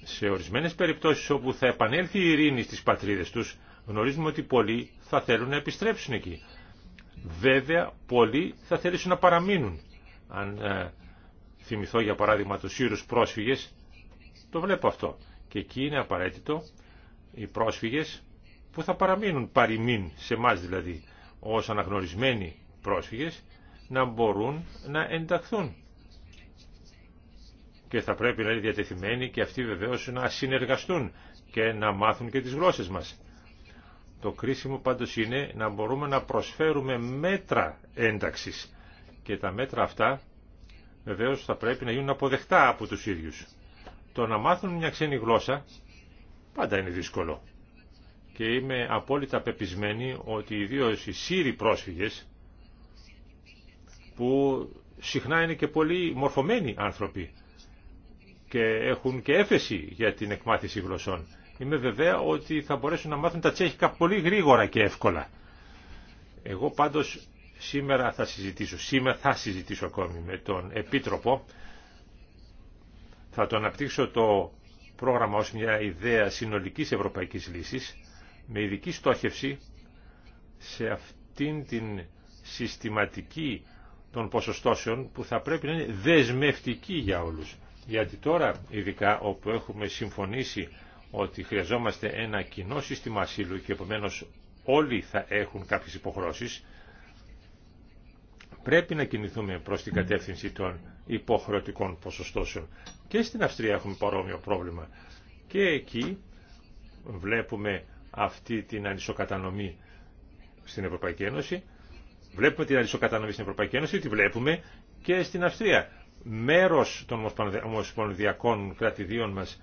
Σε ορισμένες περιπτώσεις όπου θα επανέλθει η ειρήνη στις πατρίδες τους, γνωρίζουμε ότι πολλοί θα θέλουν να επιστρέψουν εκεί. Βέβαια, πολλοί θα θέλουν να παραμείνουν. Αν ε, θυμηθώ για παράδειγμα τους Σύρους πρόσφυγες, το βλέπω αυτό. Και εκεί είναι απαραίτητο οι πρόσφυγες που θα παραμείνουν παροιμήν σε εμά δηλαδή ως αναγνωρισμένοι πρόσφυγες να μπορούν να ενταχθούν. Και θα πρέπει να είναι διατεθειμένοι και αυτοί βεβαίως να συνεργαστούν και να μάθουν και τις γλώσσες μας. Το κρίσιμο πάντως είναι να μπορούμε να προσφέρουμε μέτρα ένταξης και τα μέτρα αυτά βεβαίως θα πρέπει να γίνουν αποδεκτά από τους ίδιους. Το να μάθουν μια ξένη γλώσσα πάντα είναι δύσκολο. Και είμαι απόλυτα πεπισμένη ότι ιδίω οι Σύριοι πρόσφυγες που συχνά είναι και πολύ μορφωμένοι άνθρωποι και έχουν και έφεση για την εκμάθηση γλωσσών είμαι βεβαία ότι θα μπορέσουν να μάθουν τα τσέχικα πολύ γρήγορα και εύκολα. Εγώ πάντως σήμερα θα συζητήσω, σήμερα θα συζητήσω ακόμη με τον Επίτροπο. Θα τον αναπτύξω το πρόγραμμα ως μια ιδέα συνολικής ευρωπαϊκής λύσης με ειδική στόχευση σε αυτήν την συστηματική των ποσοστώσεων που θα πρέπει να είναι δεσμευτική για όλους. Γιατί τώρα ειδικά όπου έχουμε συμφωνήσει ότι χρειαζόμαστε ένα κοινό σύστημα ασύλου και επομένω όλοι θα έχουν κάποιε υποχρώσεις, πρέπει να κινηθούμε προς την κατεύθυνση των υποχρεωτικών ποσοστώσεων. Και στην Αυστρία έχουμε παρόμοιο πρόβλημα. Και εκεί βλέπουμε αυτή την ανισοκατανομή στην Ευρωπαϊκή Ένωση. Βλέπουμε την ανισοκατανομή στην Ευρωπαϊκή Ένωση, τη βλέπουμε και στην Αυστρία. Μέρος των ομοσπονδιακών κρατηδίων μας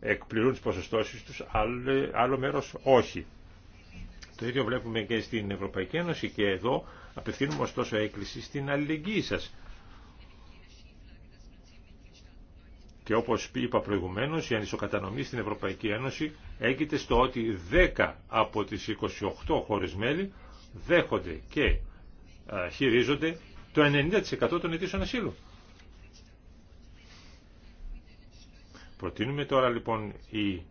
εκπληρούν τις ποσοστώσεις τους, άλλο, άλλο μέρος όχι. Το ίδιο βλέπουμε και στην Ευρωπαϊκή Ένωση και εδώ απευθύνουμε ωστόσο έκκληση στην αλληλεγγύη σας. Και όπως είπα προηγουμένως, η ανισοκατανομή στην Ευρωπαϊκή Ένωση έγκυται στο ότι 10 από τις 28 χώρες μέλη δέχονται και χειρίζονται το 90% των αιτήσεων ασύλου. Προτείνουμε τώρα λοιπόν η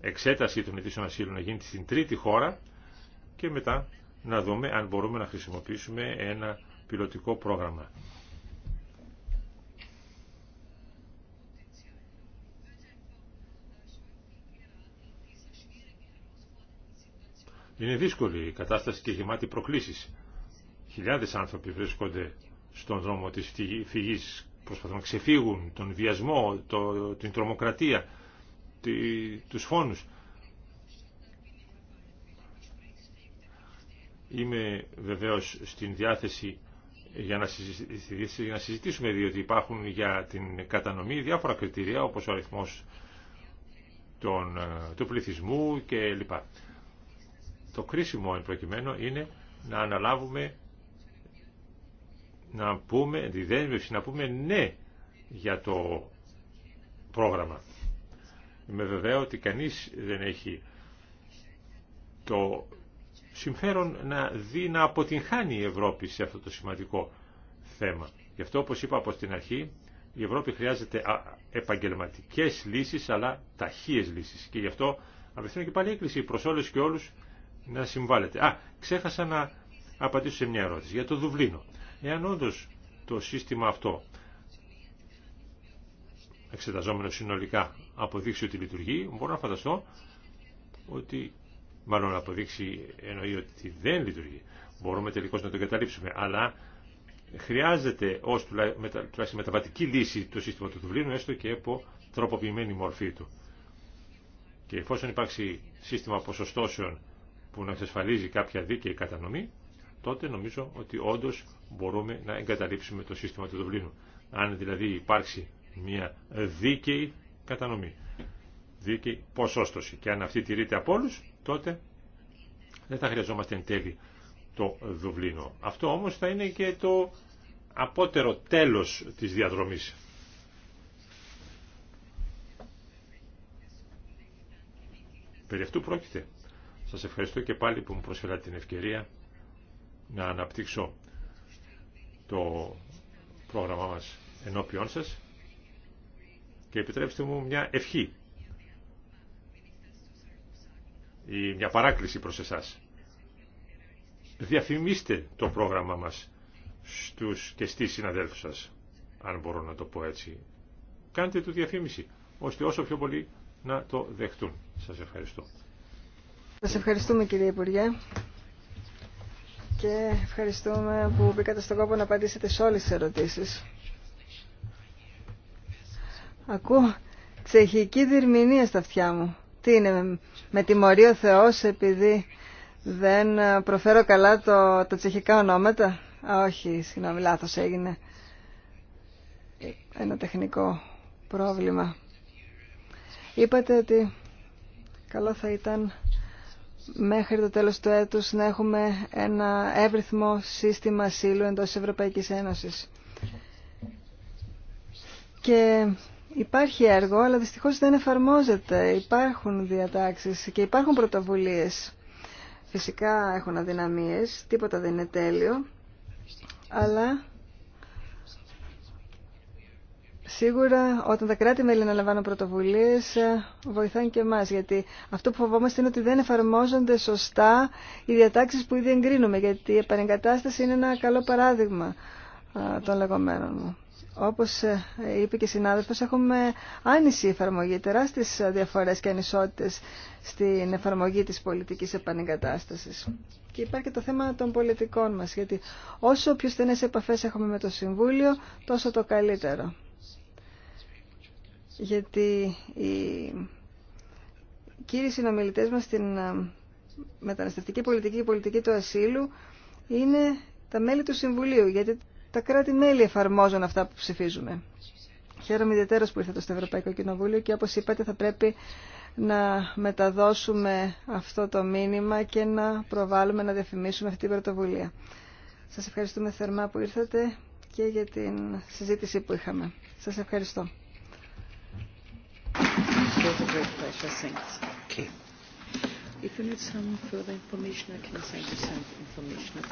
εξέταση των αιτήσεων ασύλου να γίνει στην τρίτη χώρα και μετά να δούμε αν μπορούμε να χρησιμοποιήσουμε ένα πιλωτικό πρόγραμμα. Είναι δύσκολη η κατάσταση και γεμάτη προκλήσεις. Χιλιάδες άνθρωποι βρίσκονται στον δρόμο της φυγής προσπαθούν να ξεφύγουν τον βιασμό, το, την τρομοκρατία, τη, τους φόνους. Είμαι βεβαίως στην διάθεση για να, συζητήσουμε, διότι υπάρχουν για την κατανομή διάφορα κριτήρια, όπως ο αριθμός των ε, του πληθυσμού και λοιπά. Το κρίσιμο εν προκειμένου είναι να αναλάβουμε να πούμε, τη δέσμευση να πούμε ναι για το πρόγραμμα. Είμαι βεβαίω ότι κανείς δεν έχει το συμφέρον να δει να αποτυγχάνει η Ευρώπη σε αυτό το σημαντικό θέμα. Γι' αυτό όπως είπα από την αρχή η Ευρώπη χρειάζεται επαγγελματικές λύσεις αλλά ταχύες λύσεις και γι' αυτό απευθύνω και πάλι έκκληση προς όλους και όλους να συμβάλλετε. Α, ξέχασα να απαντήσω σε μια ερώτηση για το Δουβλίνο. Εάν όντω το σύστημα αυτό εξεταζόμενο συνολικά αποδείξει ότι λειτουργεί, μπορώ να φανταστώ ότι μάλλον αποδείξει εννοεί ότι δεν λειτουργεί. Μπορούμε τελικώς να το καταλήψουμε, αλλά χρειάζεται ω τουλάχιστον μεταβατική λύση το σύστημα του Δουβλίνου, έστω και από τροποποιημένη μορφή του. Και εφόσον υπάρξει σύστημα ποσοστώσεων που να εξασφαλίζει κάποια δίκαιη κατανομή, τότε νομίζω ότι όντω μπορούμε να εγκαταλείψουμε το σύστημα του Δουβλίνου. Αν δηλαδή υπάρξει μια δίκαιη κατανομή, δίκαιη ποσόστοση και αν αυτή τηρείται από όλου, τότε δεν θα χρειαζόμαστε εν τέλει το Δουβλίνο. Αυτό όμως θα είναι και το απότερο τέλος της διαδρομής. Περί αυτού πρόκειται. Σας ευχαριστώ και πάλι που μου προσφέρατε την ευκαιρία να αναπτύξω το πρόγραμμά μας ενώπιόν σας και επιτρέψτε μου μια ευχή ή μια παράκληση προς εσάς. Διαφημίστε το πρόγραμμα μας στους και στις συναδέλφους σας, αν μπορώ να το πω έτσι. Κάντε του διαφήμιση, ώστε όσο πιο πολύ να το δεχτούν. Σας ευχαριστώ. Σας ευχαριστούμε κύριε Υπουργέ και ευχαριστούμε που μπήκατε στον κόπο να απαντήσετε σε όλες τις ερωτήσεις. Ακούω τσεχική δυρμηνία στα αυτιά μου. Τι είναι, με τιμωρεί ο Θεός επειδή δεν προφέρω καλά το, τα τσεχικά ονόματα. Α, όχι, συγγνώμη, λάθος έγινε. Ένα τεχνικό πρόβλημα. Είπατε ότι καλό θα ήταν μέχρι το τέλος του έτους να έχουμε ένα εύρυθμο σύστημα ασύλου εντός της Ευρωπαϊκής Ένωσης. Και υπάρχει έργο, αλλά δυστυχώς δεν εφαρμόζεται. Υπάρχουν διατάξεις και υπάρχουν πρωτοβουλίες. Φυσικά έχουν αδυναμίες, τίποτα δεν είναι τέλειο, αλλά Σίγουρα όταν τα κράτη-μέλη αναλαμβάνουν πρωτοβουλίε ε, βοηθάνε και εμά. Γιατί αυτό που φοβόμαστε είναι ότι δεν εφαρμόζονται σωστά οι διατάξει που ήδη εγκρίνουμε. Γιατί η επανεγκατάσταση είναι ένα καλό παράδειγμα ε, των λεγόμενων μου. Όπω ε, είπε και η συνάδελφο, έχουμε άνηση εφαρμογή, τεράστιε διαφορέ και ανισότητε στην εφαρμογή τη πολιτική επανεγκατάσταση. Και υπάρχει και το θέμα των πολιτικών μα. Γιατί όσο πιο στενέ επαφέ έχουμε με το Συμβούλιο, τόσο το καλύτερο γιατί οι κύριοι συνομιλητές μας στην ε, μεταναστευτική πολιτική και πολιτική του ασύλου είναι τα μέλη του Συμβουλίου, γιατί τα κράτη-μέλη εφαρμόζουν αυτά που ψηφίζουμε. Χαίρομαι ιδιαίτερα που ήρθατε στο Ευρωπαϊκό Κοινοβούλιο και όπως είπατε θα πρέπει να μεταδώσουμε αυτό το μήνυμα και να προβάλλουμε, να διαφημίσουμε αυτή την πρωτοβουλία. Σας ευχαριστούμε θερμά που ήρθατε και για την συζήτηση που είχαμε. Σας ευχαριστώ. It was a great pleasure. Thanks. Okay. If you need some further information, I can send you some information.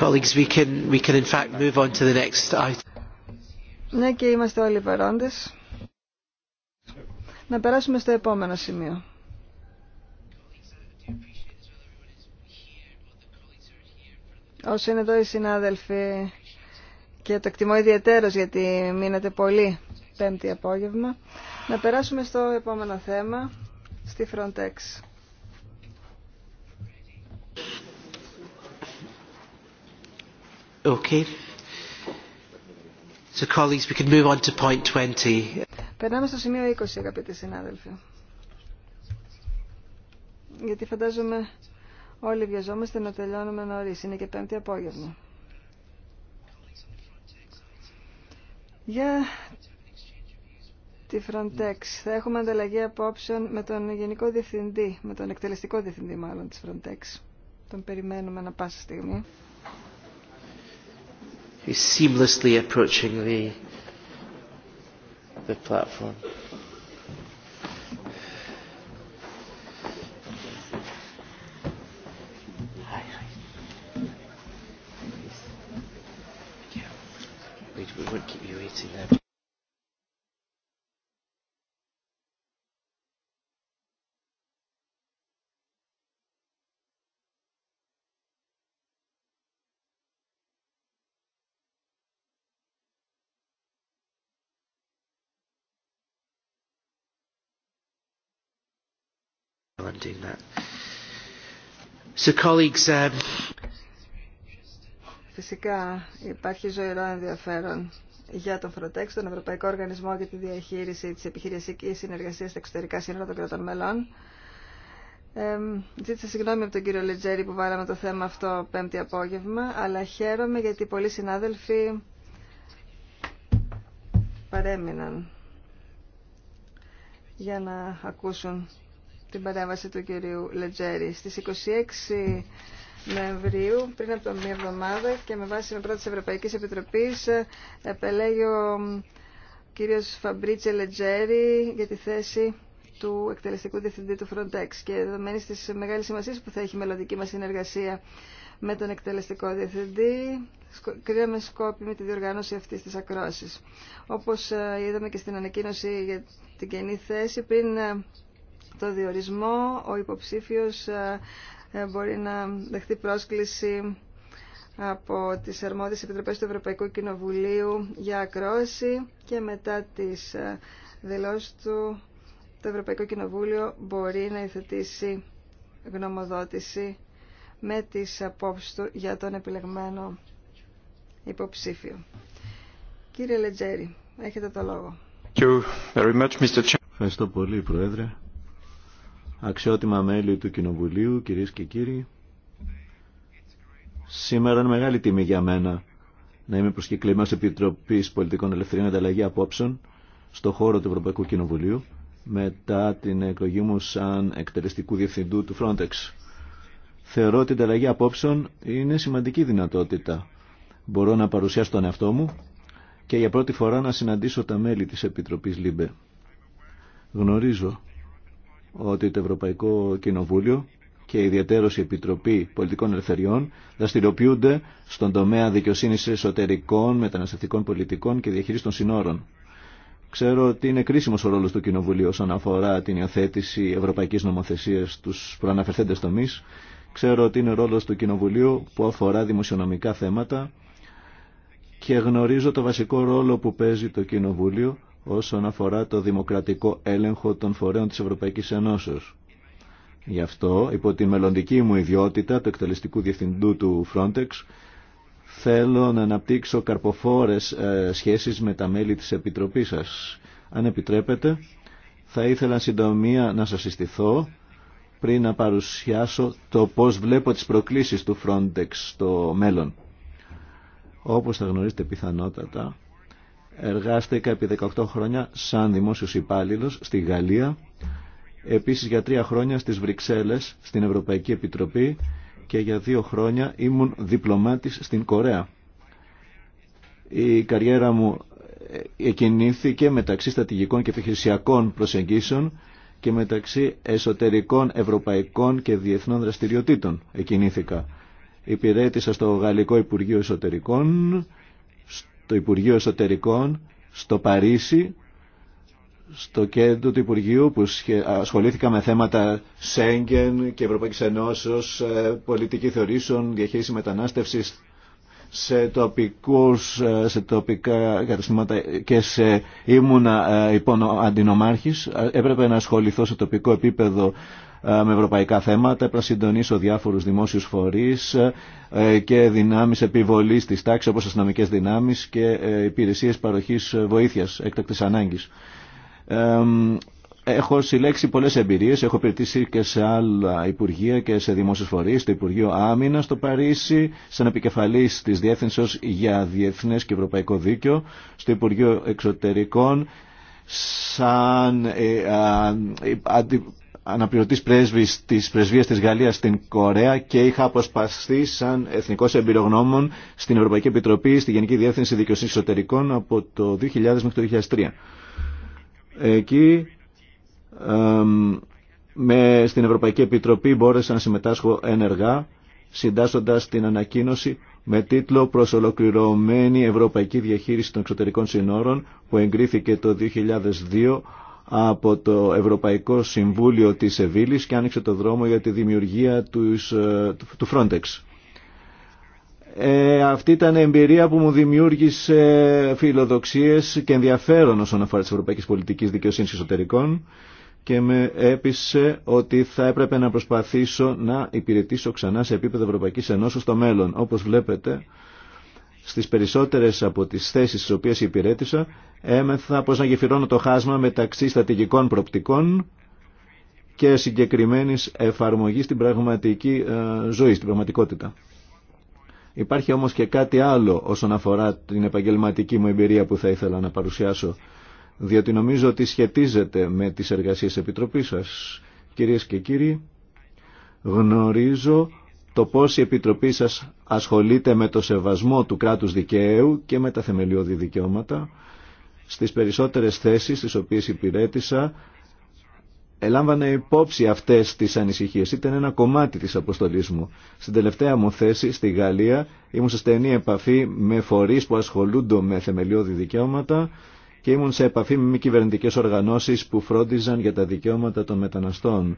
Colleagues, Ναι και είμαστε όλοι παρόντες. Να περάσουμε στο επόμενο σημείο. Όσοι είναι εδώ οι συνάδελφοι και το εκτιμώ ιδιαίτερο γιατί μείνατε πολύ πέμπτη απόγευμα, να περάσουμε στο επόμενο θέμα, στη Frontex. Περνάμε στο σημείο 20, αγαπητοί συνάδελφοι. Γιατί φαντάζομαι όλοι βιαζόμαστε να τελειώνουμε νωρί Είναι και πέμπτη απόγευμα. Για τη Frontex. Θα έχουμε ανταλλαγή απόψεων με τον Γενικό Διευθυντή, με τον εκτελεστικό διευθυντή μάλλον της Frontex. Τον περιμένουμε να πάσα στιγμή. He's seamlessly approaching the the platform. We won't keep you waiting there. that. So, um, Φυσικά υπάρχει ζωηρό ενδιαφέρον για τον Frontex, τον Ευρωπαϊκό Οργανισμό για τη Διαχείριση της Επιχειρησικής Συνεργασίας στα Εξωτερικά Σύνορα των Κρατών Μελών. Ε, ζήτησα συγγνώμη από τον κύριο Λετζέρη που βάλαμε το θέμα αυτό πέμπτη απόγευμα, αλλά χαίρομαι γιατί πολλοί συνάδελφοι παρέμειναν για να ακούσουν την παρέμβαση του κυρίου Λετζέρη. Στις 26 Νοεμβρίου, πριν από μία εβδομάδα και με βάση με πρώτη Ευρωπαϊκή Επιτροπή, επελέγει ο κύριος Φαμπρίτσε Λετζέρη για τη θέση του εκτελεστικού διευθυντή του Frontex και δεδομένη στις μεγάλη σημασία που θα έχει η μελλοντική μα συνεργασία με τον εκτελεστικό διευθυντή, κρίναμε σκόπιμη τη διοργάνωση αυτή τη ακρόαση. Όπω ε, είδαμε και στην ανακοίνωση για την καινή θέση, πριν ε, το διορισμό ο υποψήφιος ε, ε, μπορεί να δεχτεί πρόσκληση από τις αρμόδιες επιτροπές του Ευρωπαϊκού Κοινοβουλίου για ακρόαση και μετά της ε, δηλώσεις του το Ευρωπαϊκό Κοινοβούλιο μπορεί να υθετήσει γνωμοδότηση με τις απόψεις του για τον επιλεγμένο υποψήφιο. Κύριε Λετζέρη, έχετε το λόγο. Thank you Ευχαριστώ πολύ, Πρόεδρε αξιότιμα μέλη του Κοινοβουλίου, κυρίες και κύριοι. Σήμερα είναι μεγάλη τιμή για μένα να είμαι προσκεκλημένος Επιτροπής Πολιτικών Ελευθερίων Ανταλλαγή Απόψεων στο χώρο του Ευρωπαϊκού Κοινοβουλίου μετά την εκλογή μου σαν εκτελεστικού διευθυντού του Frontex. Θεωρώ ότι η ανταλλαγή απόψεων είναι σημαντική δυνατότητα. Μπορώ να παρουσιάσω τον εαυτό μου και για πρώτη φορά να συναντήσω τα μέλη της Επιτροπής ΛΥΜΠΕ. Γνωρίζω ότι το Ευρωπαϊκό Κοινοβούλιο και η η Επιτροπή Πολιτικών Ελευθεριών δραστηριοποιούνται στον τομέα δικαιοσύνη εσωτερικών, μεταναστευτικών πολιτικών και διαχείριση των συνόρων. Ξέρω ότι είναι κρίσιμο ο ρόλο του Κοινοβουλίου όσον αφορά την υιοθέτηση ευρωπαϊκή νομοθεσία στου προαναφερθέντε τομεί. Ξέρω ότι είναι ρόλο του Κοινοβουλίου που αφορά δημοσιονομικά θέματα και γνωρίζω το βασικό ρόλο που παίζει το Κοινοβούλιο όσον αφορά το δημοκρατικό έλεγχο των φορέων της Ευρωπαϊκής Ενώσεως. Γι' αυτό, υπό τη μελλοντική μου ιδιότητα, του εκτελεστικού διευθυντού του Frontex, θέλω να αναπτύξω καρποφόρες ε, σχέσεις με τα μέλη της Επιτροπής σας. Αν επιτρέπετε, θα ήθελα συντομία να σας συστηθώ πριν να παρουσιάσω το πώς βλέπω τις προκλήσεις του Frontex στο μέλλον. Όπως θα γνωρίζετε πιθανότατα, Εργάστηκα επί 18 χρόνια σαν δημόσιος υπάλληλος στη Γαλλία, επίσης για τρία χρόνια στις Βρυξέλλες, στην Ευρωπαϊκή Επιτροπή και για δύο χρόνια ήμουν διπλωμάτης στην Κορέα. Η καριέρα μου ε, εκινήθηκε μεταξύ στατηγικών και επιχειρησιακών προσεγγίσεων και μεταξύ εσωτερικών, ευρωπαϊκών και διεθνών δραστηριοτήτων εκινήθηκα. Υπηρέτησα στο Γαλλικό Υπουργείο Εσωτερικών το Υπουργείο Εσωτερικών στο Παρίσι, στο κέντρο του Υπουργείου που ασχολήθηκα με θέματα Σέγγεν και Ευρωπαϊκής Ενώσεως, ε, πολιτική θεωρήσεων, διαχείριση μετανάστευσης, σε τοπικούς, ε, σε τοπικά καταστήματα και σε ήμουνα ε, υπό αντινομάρχης. Ε, έπρεπε να ασχοληθώ σε τοπικό επίπεδο με ευρωπαϊκά θέματα, έπρεπε να συντονίσω διάφορους δημόσιους φορείς και δυνάμεις επιβολής της τάξης όπως αστυνομικές δυνάμεις και υπηρεσίες παροχής βοήθειας έκτακτης ανάγκης. Έχω συλλέξει πολλέ εμπειρίε, έχω περτήσει και σε άλλα υπουργεία και σε δημόσιε φορεί, στο Υπουργείο Άμυνα, στο Παρίσι, σαν επικεφαλή τη Διεύθυνση για Διεθνέ και Ευρωπαϊκό Δίκαιο, στο Υπουργείο Εξωτερικών, σαν ε, αντι, αναπληρωτής πρέσβης της πρεσβείας της Γαλλίας στην Κορέα και είχα αποσπαστεί σαν εθνικός εμπειρογνώμων στην Ευρωπαϊκή Επιτροπή στη Γενική Διεύθυνση Δικαιοσύνης Εσωτερικών από το 2000 μέχρι το 2003. Εκεί με, στην Ευρωπαϊκή Επιτροπή μπόρεσα να συμμετάσχω ενεργά συντάσσοντας την ανακοίνωση με τίτλο «Προς ολοκληρωμένη Ευρωπαϊκή Διαχείριση των Εξωτερικών Συνόρων» που εγκρίθηκε το 2002 από το Ευρωπαϊκό Συμβούλιο της Σεβίλης και άνοιξε το δρόμο για τη δημιουργία ε, του Frontex. Ε, αυτή ήταν η εμπειρία που μου δημιούργησε φιλοδοξίες και ενδιαφέρον όσον αφορά τις ευρωπαϊκές πολιτικές δικαιοσύνης εσωτερικών και με έπεισε ότι θα έπρεπε να προσπαθήσω να υπηρετήσω ξανά σε επίπεδο Ευρωπαϊκής Ενώσεως στο μέλλον. Όπως βλέπετε, στις περισσότερες από τις θέσεις στις οποίες υπηρέτησα, έμεθα πώς να γεφυρώνω το χάσμα μεταξύ στατηγικών προπτικών και συγκεκριμένης εφαρμογής στην πραγματική ε, ζωή, στην πραγματικότητα. Υπάρχει όμως και κάτι άλλο όσον αφορά την επαγγελματική μου εμπειρία που θα ήθελα να παρουσιάσω διότι νομίζω ότι σχετίζεται με τις εργασίες Επιτροπής σας. Κυρίες και κύριοι, γνωρίζω το πώς η Επιτροπή σας ασχολείται με το σεβασμό του κράτους δικαίου και με τα θεμελιώδη δικαιώματα. Στις περισσότερες θέσεις τις οποίες υπηρέτησα, ελάμβανε υπόψη αυτές τις ανησυχίες. Ήταν ένα κομμάτι της αποστολής μου. Στην τελευταία μου θέση, στη Γαλλία, ήμουν σε στενή επαφή με φορείς που ασχολούνται με θεμελιώδη δικαιώματα και ήμουν σε επαφή με μη κυβερνητικέ οργανώσεις που φρόντιζαν για τα δικαιώματα των μεταναστών.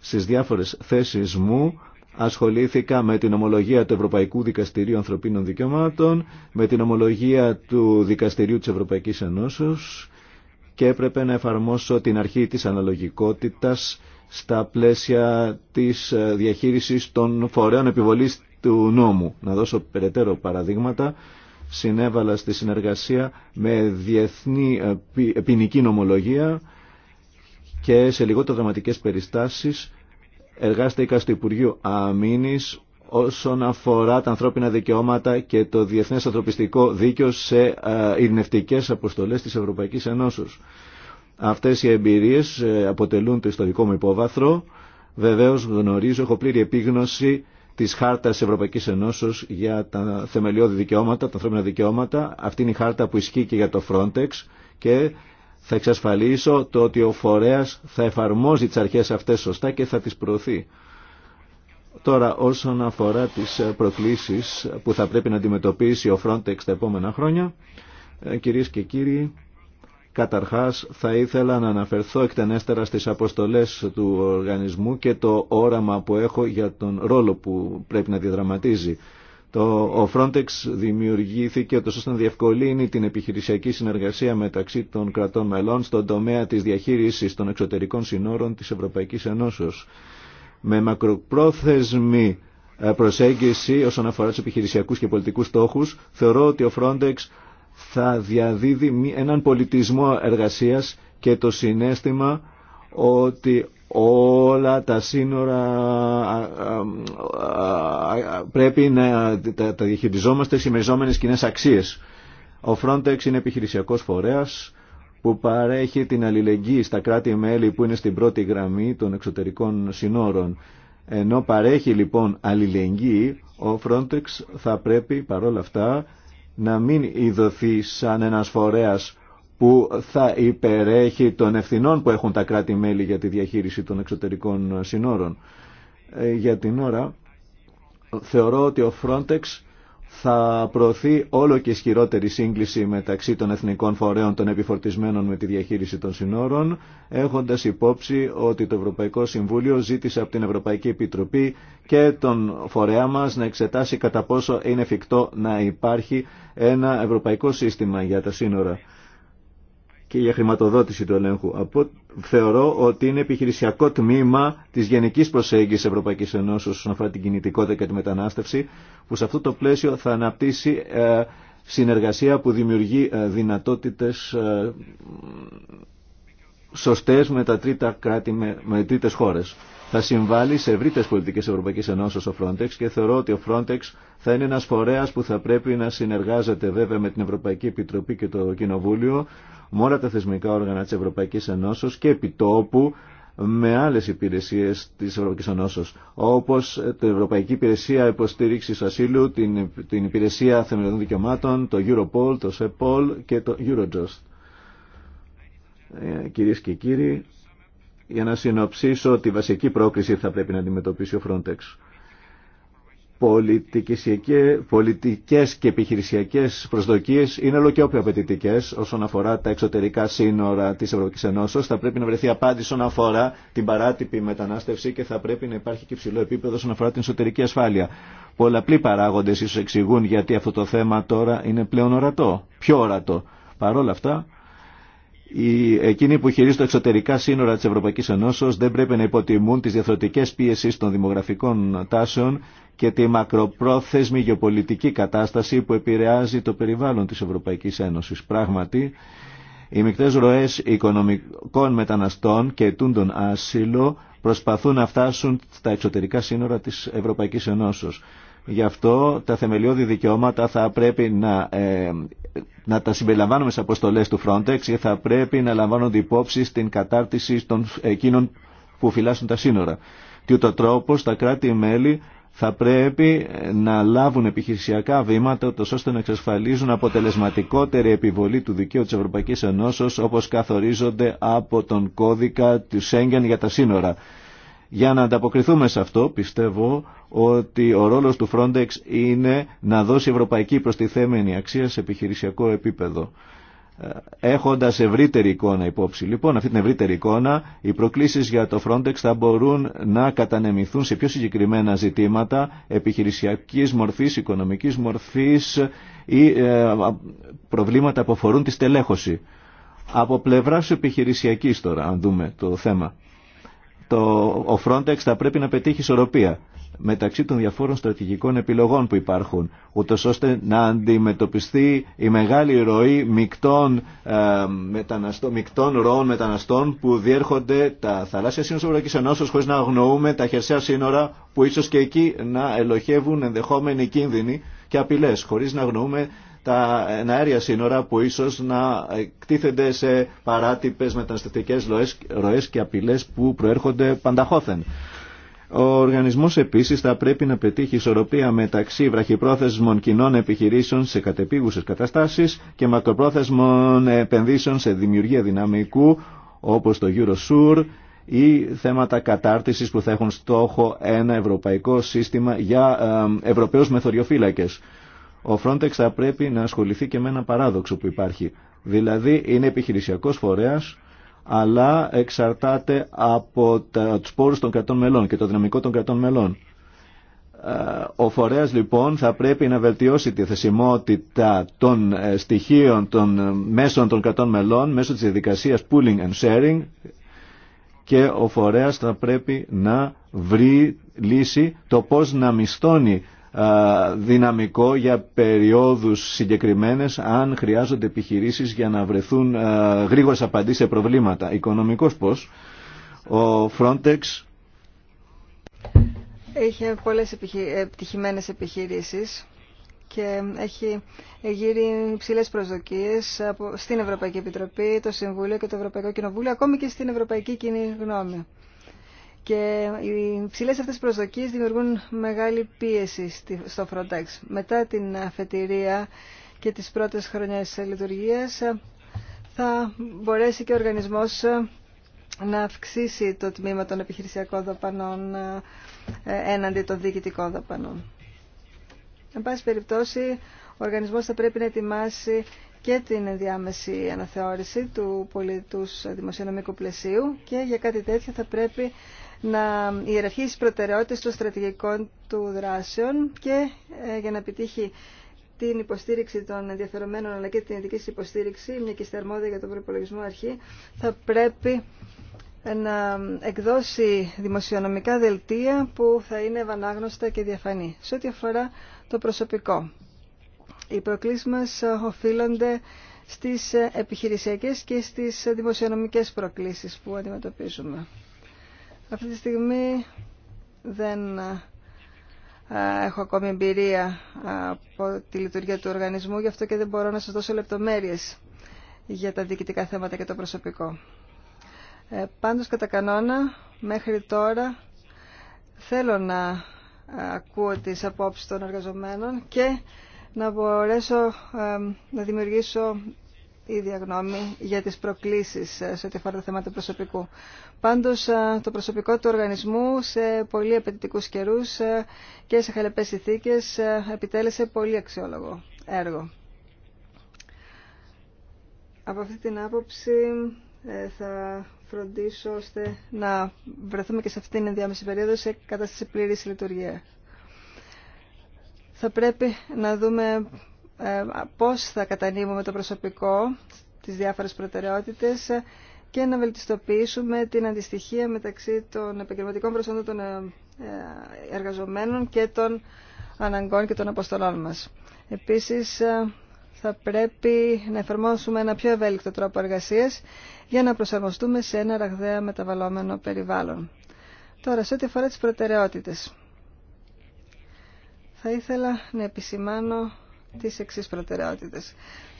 Στις διάφορες θέσεις μου ασχολήθηκα με την ομολογία του Ευρωπαϊκού Δικαστηρίου Ανθρωπίνων Δικαιωμάτων, με την ομολογία του Δικαστηρίου της Ευρωπαϊκής Ενώσεως και έπρεπε να εφαρμόσω την αρχή της αναλογικότητας στα πλαίσια της ε, διαχείρισης των φορέων επιβολής του νόμου. Να δώσω περαιτέρω παραδείγματα συνέβαλα στη συνεργασία με διεθνή ε, ε, ποινική νομολογία και σε λιγότερο δραματικές περιστάσεις εργάστηκα στο Υπουργείο Αμήνης όσον αφορά τα ανθρώπινα δικαιώματα και το διεθνές ανθρωπιστικό δίκαιο σε ε, ειρηνευτικές αποστολές της Ευρωπαϊκής Ενώσεως. Αυτές οι εμπειρίες αποτελούν το ιστορικό μου υπόβαθρο. Βεβαίως γνωρίζω, έχω πλήρη επίγνωση της Χάρτας Ευρωπαϊκής Ενώσεως για τα θεμελιώδη δικαιώματα, τα ανθρώπινα δικαιώματα. Αυτή είναι η χάρτα που ισχύει και για το Frontex και θα εξασφαλίσω το ότι ο φορέας θα εφαρμόζει τις αρχές αυτές σωστά και θα τις προωθεί. Τώρα όσον αφορά τις προκλήσεις που θα πρέπει να αντιμετωπίσει ο Frontex τα επόμενα χρόνια, ε, κυρίες και κύριοι, Καταρχάς θα ήθελα να αναφερθώ εκτενέστερα στις αποστολές του οργανισμού και το όραμα που έχω για τον ρόλο που πρέπει να διαδραματίζει. Το, ο Frontex δημιουργήθηκε τόσο ώστε να διευκολύνει την επιχειρησιακή συνεργασία μεταξύ των κρατών μελών στον τομέα της διαχείρισης των εξωτερικών συνόρων της Ευρωπαϊκής Ενώσεως. Με μακροπρόθεσμη ε, προσέγγιση όσον αφορά τους επιχειρησιακούς και πολιτικούς στόχους, θεωρώ ότι ο Frontex θα διαδίδει έναν πολιτισμό εργασίας και το συνέστημα ότι όλα τα σύνορα πρέπει να τα, τα διαχειριζόμαστε μεζόμενες κοινέ αξίες. Ο Frontex είναι επιχειρησιακός φορέας που παρέχει την αλληλεγγύη στα κράτη-μέλη που είναι στην πρώτη γραμμή των εξωτερικών συνόρων. Ενώ παρέχει λοιπόν αλληλεγγύη, ο Frontex θα πρέπει παρόλα αυτά να μην ειδωθεί σαν ένας φορέας που θα υπερέχει των ευθυνών που έχουν τα κράτη-μέλη για τη διαχείριση των εξωτερικών συνόρων. Ε, για την ώρα θεωρώ ότι ο Frontex θα προωθεί όλο και ισχυρότερη σύγκληση μεταξύ των εθνικών φορέων των επιφορτισμένων με τη διαχείριση των συνόρων, έχοντας υπόψη ότι το Ευρωπαϊκό Συμβούλιο ζήτησε από την Ευρωπαϊκή Επιτροπή και τον φορέα μας να εξετάσει κατά πόσο είναι εφικτό να υπάρχει ένα ευρωπαϊκό σύστημα για τα σύνορα και για χρηματοδότηση του ελέγχου. Από, θεωρώ ότι είναι επιχειρησιακό τμήμα τη γενική προσέγγιση Ευρωπαϊκή Ενώσεω όσον αφορά την κινητικότητα και τη μετανάστευση, που σε αυτό το πλαίσιο θα αναπτύσσει ε, συνεργασία που δημιουργεί ε, δυνατότητε ε, σωστέ με τα τρίτα κράτη, με, με τρίτε χώρε. Θα συμβάλλει σε ευρύτερε πολιτικέ Ευρωπαϊκή Ενώσεω ο Frontex και θεωρώ ότι ο Frontex θα είναι ένα φορέα που θα πρέπει να συνεργάζεται βέβαια με την Ευρωπαϊκή Επιτροπή και το Κοινοβούλιο με όλα τα θεσμικά όργανα της Ευρωπαϊκής Ενώσεως και επιτόπου με άλλες υπηρεσίες της Ευρωπαϊκής Ενώσεως, όπως την Ευρωπαϊκή Υπηρεσία Υποστήριξης Ασύλου, την, την Υπηρεσία Θεμελιωδών Δικαιωμάτων, το Europol, το SEPOL και το Eurojust. Ε, κυρίες και κύριοι, για να συνοψίσω τη βασική πρόκληση θα πρέπει να αντιμετωπίσει ο Frontex πολιτικές και επιχειρησιακές προσδοκίες είναι όλο και όσον αφορά τα εξωτερικά σύνορα της Ευρωπαϊκής Ενώσεως. Θα πρέπει να βρεθεί απάντηση όσον αφορά την παράτυπη μετανάστευση και θα πρέπει να υπάρχει και ψηλό επίπεδο όσον αφορά την εσωτερική ασφάλεια. Πολλαπλοί παράγοντες ίσως εξηγούν γιατί αυτό το θέμα τώρα είναι πλέον ορατό, πιο ορατό. Παρ' όλα αυτά οι, εκείνοι που χειρίζονται εξωτερικά σύνορα της Ευρωπαϊκής Ενώσεως δεν πρέπει να υποτιμούν τις διαφορετικέ πίεσεις των δημογραφικών τάσεων και τη μακροπρόθεσμη γεωπολιτική κατάσταση που επηρεάζει το περιβάλλον της Ευρωπαϊκής Ένωσης. Πράγματι, οι μικτές ροές οικονομικών μεταναστών και ετούντων άσυλο προσπαθούν να φτάσουν στα εξωτερικά σύνορα της Ευρωπαϊκής Ενώσεως. Γι' αυτό τα θεμελιώδη δικαιώματα θα πρέπει να, ε, να τα συμπεριλαμβάνουμε σε αποστολέ του Frontex και θα πρέπει να λαμβάνονται υπόψη στην κατάρτιση των εκείνων που φυλάσσουν τα σύνορα. Και ούτω τρόπο τα κράτη-μέλη θα πρέπει να λάβουν επιχειρησιακά βήματα ώστε να εξασφαλίζουν αποτελεσματικότερη επιβολή του δικαίου της Ευρωπαϊκής Ενώσεως όπως καθορίζονται από τον κώδικα του Σέγγεν για τα σύνορα. Για να ανταποκριθούμε σε αυτό πιστεύω ότι ο ρόλος του Frontex είναι να δώσει ευρωπαϊκή προστιθέμενη αξία σε επιχειρησιακό επίπεδο. Ε, έχοντας ευρύτερη εικόνα υπόψη. Λοιπόν, αυτή την ευρύτερη εικόνα, οι προκλήσεις για το Frontex θα μπορούν να κατανεμηθούν σε πιο συγκεκριμένα ζητήματα επιχειρησιακής μορφής, οικονομικής μορφής ή ε, προβλήματα που αφορούν τη στελέχωση. Από πλευράς επιχειρησιακής τώρα, αν δούμε το θέμα το, ο Frontex θα πρέπει να πετύχει ισορροπία μεταξύ των διαφόρων στρατηγικών επιλογών που υπάρχουν, ούτως ώστε να αντιμετωπιστεί η μεγάλη ροή μεικτών, ε, μεταναστών, ροών μεταναστών που διέρχονται τα θαλάσσια σύνορα Ευρωπαϊκής Ενώσεως χωρίς να αγνοούμε τα χερσαία σύνορα που ίσως και εκεί να ελοχεύουν ενδεχόμενοι κίνδυνοι και απειλές, χωρίς να αγνοούμε τα αέρια σύνορα που ίσως να εκτίθενται σε παράτυπες μεταναστευτικέ ροές και απειλέ που προέρχονται πανταχώθεν. Ο οργανισμός επίσης θα πρέπει να πετύχει ισορροπία μεταξύ βραχυπρόθεσμων κοινών επιχειρήσεων σε κατεπίγουσες καταστάσεις και μακροπρόθεσμων επενδύσεων σε δημιουργία δυναμικού όπως το Eurosur ή θέματα κατάρτισης που θα έχουν στόχο ένα ευρωπαϊκό σύστημα για ε, ευρωπαίους μεθοριοφύλακες ο Frontex θα πρέπει να ασχοληθεί και με ένα παράδοξο που υπάρχει. Δηλαδή είναι επιχειρησιακός φορέας, αλλά εξαρτάται από του πόρου των κρατών μελών και το δυναμικό των κρατών μελών. Ε, ο φορέας λοιπόν θα πρέπει να βελτιώσει τη θεσιμότητα των ε, στοιχείων των ε, μέσων των κρατών μελών μέσω της διαδικασίας pooling and sharing και ο φορέας θα πρέπει να βρει λύση το πώς να μισθώνει δυναμικό για περιόδους συγκεκριμένες αν χρειάζονται επιχειρήσεις για να βρεθούν γρήγορες απαντήσεις σε προβλήματα. Οικονομικός πώς. Ο Frontex έχει πολλές επιτυχημένες επιχειρήσεις και έχει γύρει ψηλέ προσδοκίε στην Ευρωπαϊκή Επιτροπή, το Συμβούλιο και το Ευρωπαϊκό Κοινοβούλιο, ακόμη και στην Ευρωπαϊκή Κοινή Γνώμη. Και οι ψηλές αυτές προσδοκίες δημιουργούν μεγάλη πίεση στο Frontex. Μετά την αφετηρία και τις πρώτες χρονιές λειτουργίας θα μπορέσει και ο οργανισμός να αυξήσει το τμήμα των επιχειρησιακών δαπανών ε, έναντι των διοικητικών δαπανών. Εν πάση περιπτώσει, ο οργανισμός θα πρέπει να ετοιμάσει και την ενδιάμεση αναθεώρηση του πολιτούς δημοσιονομικού πλαισίου και για κάτι τέτοιο θα πρέπει να ιεραρχήσει τις προτεραιότητες των στρατηγικών του δράσεων και ε, για να επιτύχει την υποστήριξη των ενδιαφερομένων αλλά και την ειδική υποστήριξη, μια και για τον προπολογισμό αρχή, θα πρέπει ε, να εκδώσει δημοσιονομικά δελτία που θα είναι ευανάγνωστα και διαφανή. Σε ό,τι αφορά το προσωπικό. Οι προκλήσεις μας οφείλονται στις επιχειρησιακές και στις δημοσιονομικές προκλήσεις που αντιμετωπίζουμε. Αυτή τη στιγμή δεν ε, έχω ακόμη εμπειρία από τη λειτουργία του οργανισμού, γι' αυτό και δεν μπορώ να σας δώσω λεπτομέρειες για τα διοικητικά θέματα και το προσωπικό. Ε, πάντως, κατά κανόνα, μέχρι τώρα θέλω να ε, ακούω τις απόψεις των εργαζομένων και να μπορέσω να δημιουργήσω η γνώμη για τις προκλήσεις ε, σε ό,τι αφορά τα θέματα προσωπικού. Πάντως ε, το προσωπικό του οργανισμού σε πολύ απαιτητικού καιρού ε, και σε χαλεπές ηθίκε επιτέλεσε πολύ αξιόλογο έργο. Από αυτή την άποψη θα φροντίσω ώστε να βρεθούμε και σε αυτήν την ενδιάμεση περίοδο σε κατάσταση πλήρης λειτουργία. Θα πρέπει να δούμε ε, πώς θα κατανείμουμε το προσωπικό τις διάφορες προτεραιότητες και να βελτιστοποιήσουμε την αντιστοιχία μεταξύ των επαγγελματικών προσόντων των ε, ε, εργαζομένων και των αναγκών και των αποστολών μας. Επίσης, θα πρέπει να εφαρμόσουμε ένα πιο ευέλικτο τρόπο εργασίας για να προσαρμοστούμε σε ένα ραγδαία μεταβαλλόμενο περιβάλλον. Τώρα, σε ό,τι αφορά τις προτεραιότητες, θα ήθελα να επισημάνω τις εξή προτεραιότητες.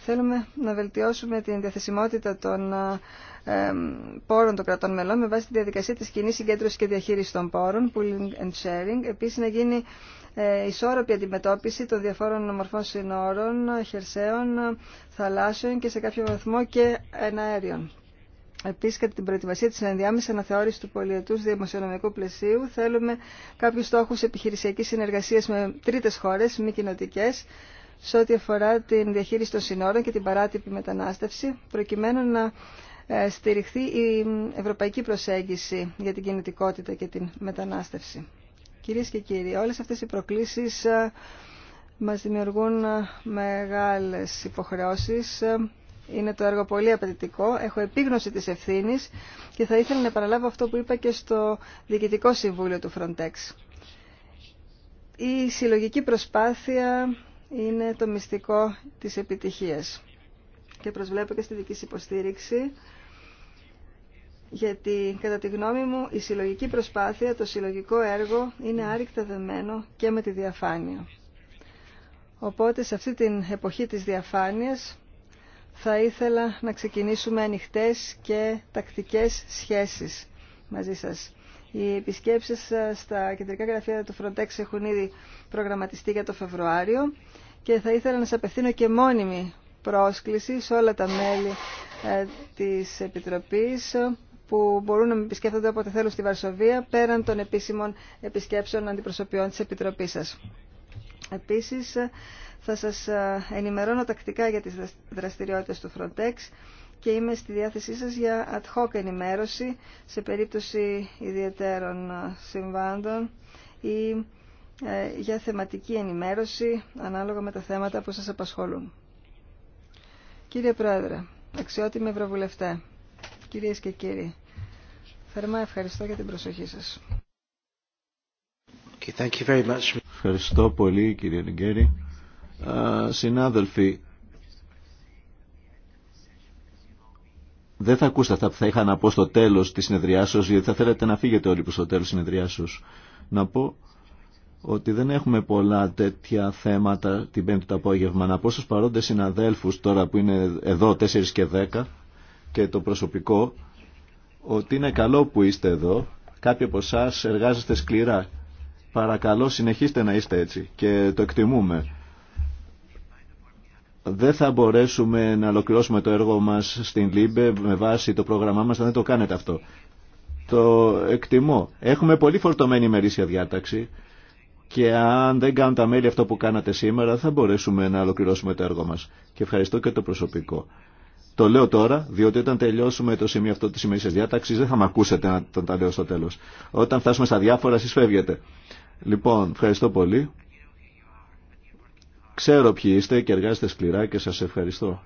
Θέλουμε να βελτιώσουμε την διαθεσιμότητα των ε, πόρων των κρατών μελών με βάση τη διαδικασία της κοινή συγκέντρωσης και διαχείρισης των πόρων, pooling and sharing. Επίσης να γίνει ε, ισόρροπη αντιμετώπιση των διαφόρων μορφών συνόρων, χερσαίων, θαλάσσιων και σε κάποιο βαθμό και εναέριων. Επίση, κατά την προετοιμασία τη ενδιάμεση αναθεώρηση του πολιετού δημοσιονομικού πλαισίου, θέλουμε κάποιου στόχου επιχειρησιακή συνεργασία με τρίτε χώρε, μη κοινοτικέ, σε ό,τι αφορά την διαχείριση των συνόρων και την παράτυπη μετανάστευση, προκειμένου να ε, στηριχθεί η ευρωπαϊκή προσέγγιση για την κινητικότητα και την μετανάστευση. Κυρίες και κύριοι, όλες αυτές οι προκλήσεις ε, μας δημιουργούν ε, μεγάλες υποχρεώσεις. Είναι το έργο πολύ απαιτητικό. Έχω επίγνωση της ευθύνης και θα ήθελα να επαναλάβω αυτό που είπα και στο Διοικητικό Συμβούλιο του Frontex. Η συλλογική προσπάθεια είναι το μυστικό της επιτυχίας. Και προσβλέπω και στη δική σας υποστήριξη, γιατί κατά τη γνώμη μου η συλλογική προσπάθεια, το συλλογικό έργο είναι άρρηκτα δεμένο και με τη διαφάνεια. Οπότε σε αυτή την εποχή της διαφάνειας θα ήθελα να ξεκινήσουμε ανοιχτές και τακτικές σχέσεις μαζί σας. Οι επισκέψεις ε, στα κεντρικά γραφεία του Frontex έχουν ήδη προγραμματιστεί για το Φεβρουάριο και θα ήθελα να σας απευθύνω και μόνιμη πρόσκληση σε όλα τα μέλη ε, της Επιτροπής που μπορούν να με επισκέφτονται όποτε θέλουν στη Βαρσοβία πέραν των επίσημων επισκέψεων αντιπροσωπιών της Επιτροπής σας. Επίσης, θα σας ε, ενημερώνω τακτικά για τις δραστηριότητες του Frontex και είμαι στη διάθεσή σας για ad hoc ενημέρωση σε περίπτωση ιδιαίτερων ε, συμβάντων ή ε, για θεματική ενημέρωση ανάλογα με τα θέματα που σας απασχολούν. Κύριε Πρόεδρε, αξιότιμοι Ευρωβουλευτέ, κυρίες και κύριοι, θερμά ευχαριστώ για την προσοχή σας. thank you very much. Ευχαριστώ πολύ κύριε Νιγκέρη. Συνάδελφοι, δεν θα ακούσατε αυτά που θα είχα να πω στο τέλος της συνεδριάσεως, γιατί θα θέλετε να φύγετε όλοι προς το τέλος της συνεδριάσεως. Να πω ότι δεν έχουμε πολλά τέτοια θέματα την πέμπτη το απόγευμα. Να πω στους παρόντες συναδέλφους τώρα που είναι εδώ 4 και 10 και το προσωπικό ότι είναι καλό που είστε εδώ. Κάποιοι από εσά εργάζεστε σκληρά. Παρακαλώ συνεχίστε να είστε έτσι και το εκτιμούμε. Δεν θα μπορέσουμε να ολοκληρώσουμε το έργο μας στην Λίμπε με βάση το πρόγραμμά μας, αν δεν το κάνετε αυτό. Το εκτιμώ. Έχουμε πολύ φορτωμένη ημερήσια διάταξη και αν δεν κάνουν τα μέλη αυτό που κάνατε σήμερα θα μπορέσουμε να ολοκληρώσουμε το έργο μας. Και ευχαριστώ και το προσωπικό. Το λέω τώρα, διότι όταν τελειώσουμε το σημείο αυτό τη ημερήσια διάταξη, δεν θα με ακούσετε να τον τα λέω στο τέλο. Όταν φτάσουμε στα διάφορα, εσεί φεύγετε. Λοιπόν, ευχαριστώ πολύ. Ξέρω ποιοι είστε και εργάζεστε σκληρά και σας ευχαριστώ.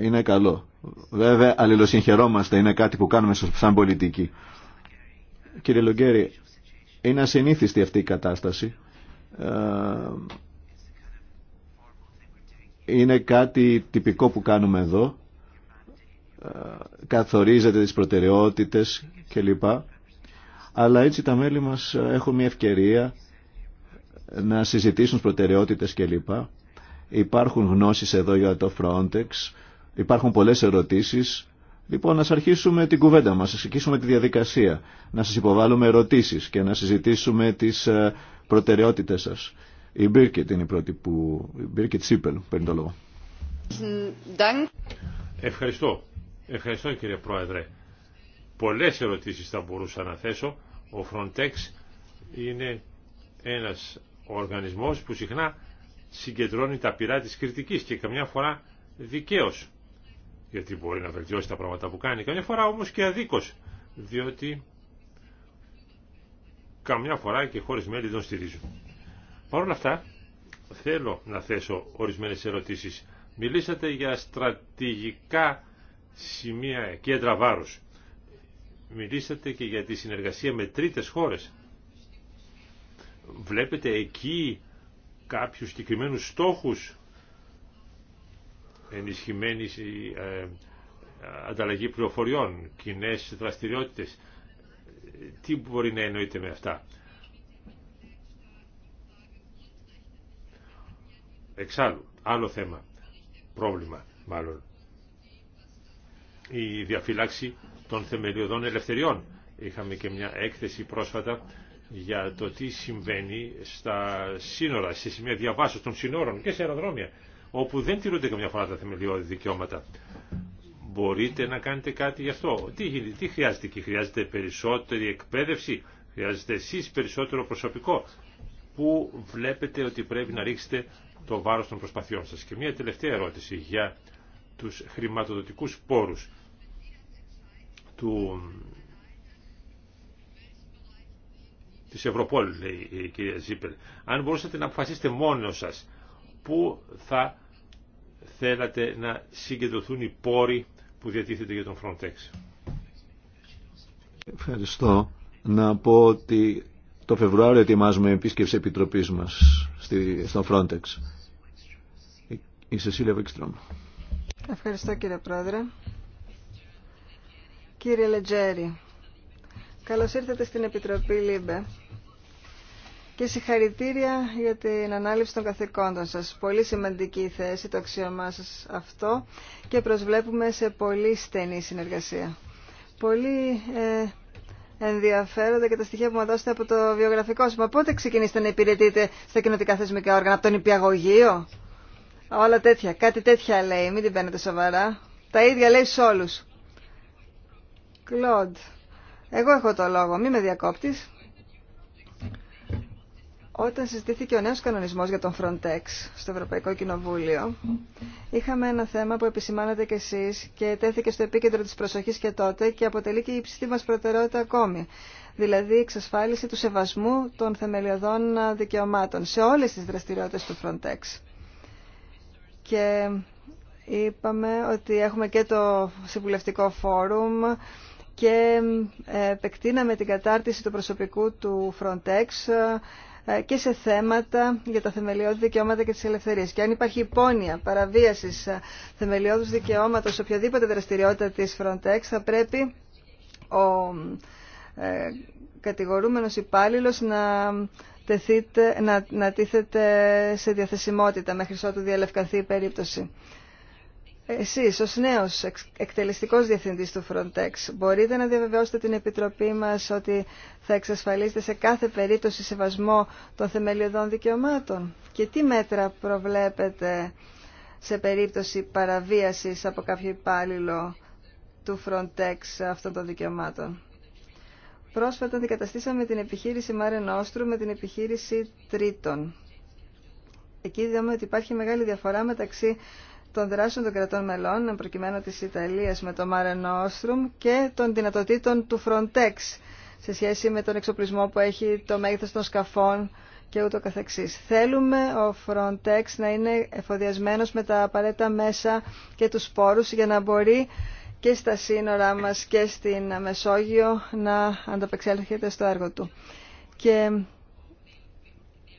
Είναι καλό. Βέβαια, αλληλοσυγχαιρόμαστε. Είναι κάτι που κάνουμε σαν πολιτική. Κύριε Λογκέρη, είναι ασυνήθιστη αυτή η κατάσταση. Ε, είναι κάτι τυπικό που κάνουμε εδώ. Ε, καθορίζεται τις προτεραιότητες κλπ. Αλλά έτσι τα μέλη μας έχουν μια ευκαιρία να συζητήσουν προτεραιότητες κλπ. Υπάρχουν γνώσεις εδώ για το Frontex. Υπάρχουν πολλές ερωτήσεις Λοιπόν, να αρχίσουμε την κουβέντα μας, να αρχίσουμε τη διαδικασία, να σας υποβάλουμε ερωτήσεις και να συζητήσουμε τις ε, προτεραιότητες σας. Η Μπίρκετ είναι η πρώτη που... Η Μπίρκετ Σίπελ παίρνει το λόγο. Ευχαριστώ. Ευχαριστώ κύριε Πρόεδρε. Πολλές ερωτήσεις θα μπορούσα να θέσω. Ο Frontex είναι ένας οργανισμός που συχνά συγκεντρώνει τα πειρά της κριτικής και καμιά φορά δικαίως γιατί μπορεί να βελτιώσει τα πράγματα που κάνει. Καμιά φορά όμως και αδίκως, διότι καμιά φορά και χώρες μέλη δεν στηρίζουν. Παρ' όλα αυτά, θέλω να θέσω ορισμένες ερωτήσεις. Μιλήσατε για στρατηγικά σημεία, κέντρα βάρους. Μιλήσατε και για τη συνεργασία με τρίτες χώρες. Βλέπετε εκεί κάποιους συγκεκριμένους στόχους ενισχυμένη ε, ε, ανταλλαγή πληροφοριών, κοινέ δραστηριότητε. Τι μπορεί να εννοείται με αυτά. Εξάλλου, άλλο θέμα, πρόβλημα μάλλον, η διαφύλαξη των θεμελιωδών ελευθεριών. Είχαμε και μια έκθεση πρόσφατα για το τι συμβαίνει στα σύνορα, σε σημεία διαβάσεως των σύνορων και σε αεροδρόμια όπου δεν τηρούνται καμιά φορά τα θεμελιώδη δικαιώματα. Μπορείτε να κάνετε κάτι γι' αυτό. Τι, γίνεται, τι χρειάζεται εκεί, χρειάζεται περισσότερη εκπαίδευση, χρειάζεται εσεί περισσότερο προσωπικό. Πού βλέπετε ότι πρέπει να ρίξετε το βάρος των προσπαθειών σας. Και μια τελευταία ερώτηση για τους χρηματοδοτικούς πόρου του, της λέει η κυρία Ζίπελ. Αν μπορούσατε να αποφασίσετε μόνο σας πού θα θέλατε να συγκεντρωθούν οι πόροι που διατίθεται για τον Frontex. Ευχαριστώ. Να πω ότι το Φεβρουάριο ετοιμάζουμε επίσκεψη επιτροπής μας στη, στον Frontex. Η Σεσίλια Βεκστρόμ. Ευχαριστώ κύριε Πρόεδρε. Κύριε Λετζέρη, καλώς ήρθατε στην Επιτροπή Λίμπε και συγχαρητήρια για την ανάληψη των καθηκόντων σας. Πολύ σημαντική η θέση, το αξίωμά σας αυτό και προσβλέπουμε σε πολύ στενή συνεργασία. Πολύ ε, ενδιαφέροντα και τα στοιχεία που μου δώσετε από το βιογραφικό σας. Μα πότε ξεκινήσετε να υπηρετείτε στα κοινωτικά θεσμικά όργανα, από τον υπηαγωγείο. Όλα τέτοια, κάτι τέτοια λέει, μην την παίρνετε σοβαρά. Τα ίδια λέει σε όλους. Κλοντ, εγώ έχω το λόγο, μην με διακόπτεις. Όταν συζητήθηκε ο νέος κανονισμός για τον Frontex στο Ευρωπαϊκό Κοινοβούλιο, είχαμε ένα θέμα που επισημάνατε κι εσείς και τέθηκε στο επίκεντρο της προσοχής και τότε και αποτελεί και η ψηφή μας προτεραιότητα ακόμη. Δηλαδή η εξασφάλιση του σεβασμού των θεμελιωδών δικαιωμάτων σε όλες τις δραστηριότητες του Frontex. Και είπαμε ότι έχουμε και το συμβουλευτικό φόρουμ και ε, επεκτείναμε την κατάρτιση του προσωπικού του Frontex ε, και σε θέματα για τα θεμελιώδη δικαιώματα και τις ελευθερίες. Και αν υπάρχει υπόνοια παραβίασης ε, θεμελιώδου δικαιώματο σε οποιαδήποτε δραστηριότητα της Frontex θα πρέπει ο ε, κατηγορούμενος υπάλληλος να, τεθείτε, να, να τίθεται σε διαθεσιμότητα μέχρι ότου διαλευκανθεί η περίπτωση. Εσείς ως νέος εκτελεστικός διευθυντής του Frontex μπορείτε να διαβεβαιώσετε την Επιτροπή μας ότι θα εξασφαλίσετε σε κάθε περίπτωση σεβασμό των θεμελιωδών δικαιωμάτων και τι μέτρα προβλέπετε σε περίπτωση παραβίασης από κάποιο υπάλληλο του Frontex αυτών των δικαιωμάτων. Πρόσφατα αντικαταστήσαμε την επιχείρηση Μάρε Νόστρου με την επιχείρηση Τρίτων. Εκεί είδαμε ότι υπάρχει μεγάλη διαφορά μεταξύ των δράσεων των κρατών μελών, προκειμένου της Ιταλίας με το Mare Nostrum και των δυνατοτήτων του Frontex σε σχέση με τον εξοπλισμό που έχει το μέγεθος των σκαφών και ούτω καθεξής. Θέλουμε ο Frontex να είναι εφοδιασμένος με τα απαραίτητα μέσα και τους πόρους για να μπορεί και στα σύνορά μας και στην Μεσόγειο να ανταπεξέλθεται στο έργο του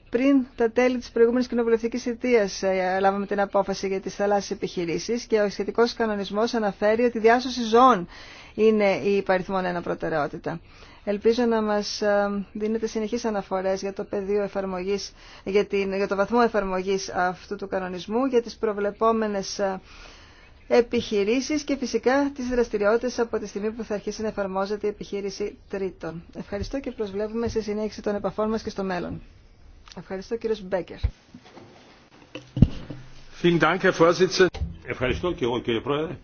πριν τα τέλη της προηγούμενης κοινοβουλευτικής αιτίας ε, λάβαμε την απόφαση για τις θαλάσσιες επιχειρήσεις και ο σχετικός κανονισμός αναφέρει ότι η διάσωση ζώων είναι η υπαριθμόν ένα προτεραιότητα. Ελπίζω να μας ε, δίνετε συνεχείς αναφορές για το πεδίο εφαρμογής, για, την, για το βαθμό εφαρμογής αυτού του κανονισμού, για τις προβλεπόμενες ε, επιχειρήσεις και φυσικά τις δραστηριότητες από τη στιγμή που θα αρχίσει να εφαρμόζεται η επιχείρηση τρίτων. Ευχαριστώ και προσβλέπουμε σε συνέχιση των επαφών μας και στο μέλλον. Ευχαριστώ κύριος Μπέκερ. Ευχαριστώ και εγώ κύριε Πρόεδρε.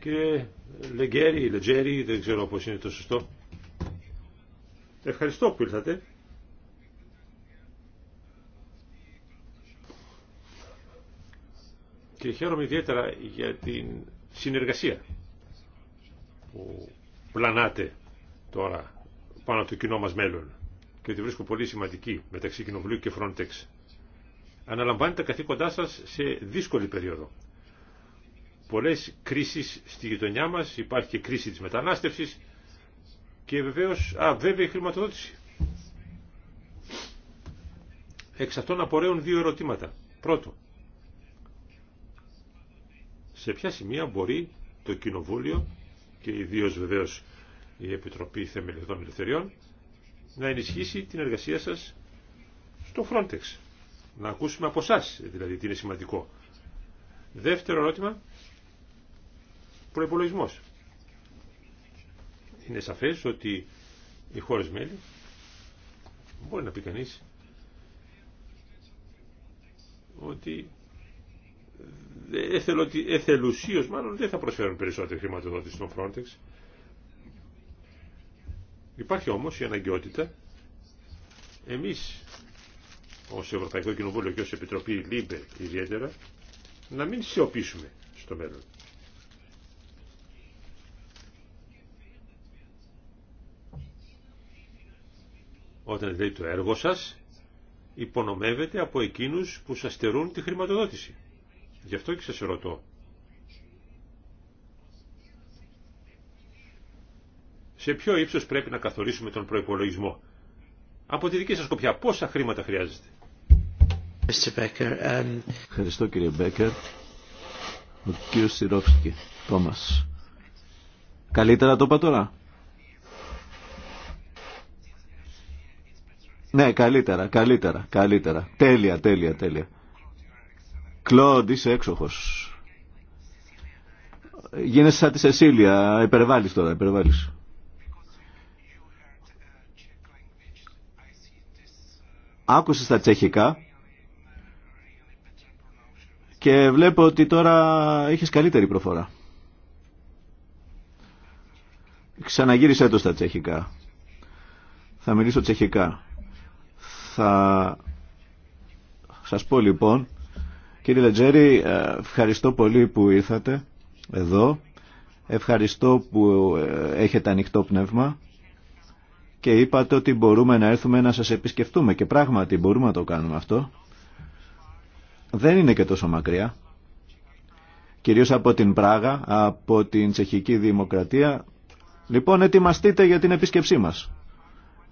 Κύριε Λεγκέρι, Λετζέρι, δεν ξέρω πώς είναι το σωστό. Ευχαριστώ που ήρθατε. Και χαίρομαι ιδιαίτερα για την συνεργασία που πλανάτε τώρα πάνω από το κοινό μας μέλλον και τη βρίσκω πολύ σημαντική μεταξύ Κοινοβουλίου και Frontex. Αναλαμβάνετε τα καθήκοντά σας σε δύσκολη περίοδο. Πολλές κρίσεις στη γειτονιά μας, υπάρχει και κρίση της μετανάστευσης και βεβαίως, α, βέβαια η χρηματοδότηση. Εξ αυτών απορρέουν δύο ερωτήματα. Πρώτο, σε ποια σημεία μπορεί το Κοινοβούλιο και ιδίω βεβαίως η Επιτροπή Θεμελιωδών Ελευθεριών να ενισχύσει την εργασία σας στο Frontex. Να ακούσουμε από εσά, δηλαδή τι είναι σημαντικό. Δεύτερο ερώτημα, προπολογισμό. Είναι σαφές ότι οι χώρες μέλη, μπορεί να πει κανείς, ότι εθελουσίως μάλλον δεν θα προσφέρουν περισσότερη χρηματοδότηση στον Frontex Υπάρχει όμως η αναγκαιότητα εμείς ως Ευρωπαϊκό Κοινοβούλιο και ως Επιτροπή ΛΥΜΠΕ ιδιαίτερα να μην σιωπήσουμε στο μέλλον. Όταν δηλαδή το έργο σας υπονομεύεται από εκείνους που σας στερούν τη χρηματοδότηση. Γι' αυτό και σας ρωτώ σε ποιο ύψο πρέπει να καθορίσουμε τον προπολογισμό. Από τη δική σα κοπιά, πόσα χρήματα χρειάζεστε. Um, Ευχαριστώ κύριε Μπέκερ. Ο κύριος Σιρόφσκι, Τόμας. Καλύτερα το είπα τώρα. Ναι, καλύτερα, καλύτερα, καλύτερα. Τέλεια, τέλεια, τέλεια. Κλοντ, είσαι έξοχος. Γίνεσαι σαν τη Σεσίλια. Υπερβάλλεις τώρα, υπερβάλλεις. Άκουσε στα τσεχικά και βλέπω ότι τώρα έχεις καλύτερη προφορά. Ξαναγύρισέ το στα τσεχικά. Θα μιλήσω τσεχικά. Θα σας πω λοιπόν, κύριε Λετζέρη, ε, ευχαριστώ πολύ που ήρθατε εδώ. Ευχαριστώ που ε, έχετε ανοιχτό πνεύμα και είπατε ότι μπορούμε να έρθουμε να σας επισκεφτούμε και πράγματι μπορούμε να το κάνουμε αυτό. Δεν είναι και τόσο μακριά. Κυρίως από την Πράγα, από την Τσεχική Δημοκρατία. Λοιπόν, ετοιμαστείτε για την επίσκεψή μας.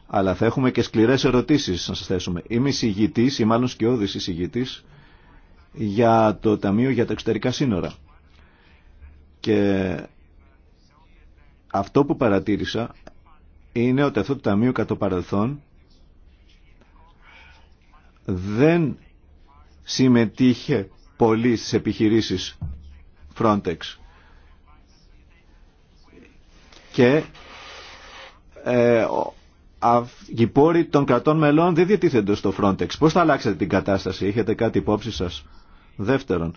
Αλλά θα έχουμε και σκληρές ερωτήσεις να σας θέσουμε. Είμαι εισηγητής ή μάλλον σκιώδης εισηγητής για το Ταμείο για τα Εξωτερικά Σύνορα. Και αυτό που παρατήρησα είναι ότι αυτό το Ταμείο κατά το παρελθόν δεν συμμετείχε πολύ στις επιχειρήσεις Frontex και ε, οι πόροι των κρατών μελών δεν διατίθενται στο Frontex. Πώς θα αλλάξετε την κατάσταση, έχετε κάτι υπόψη σας. Δεύτερον,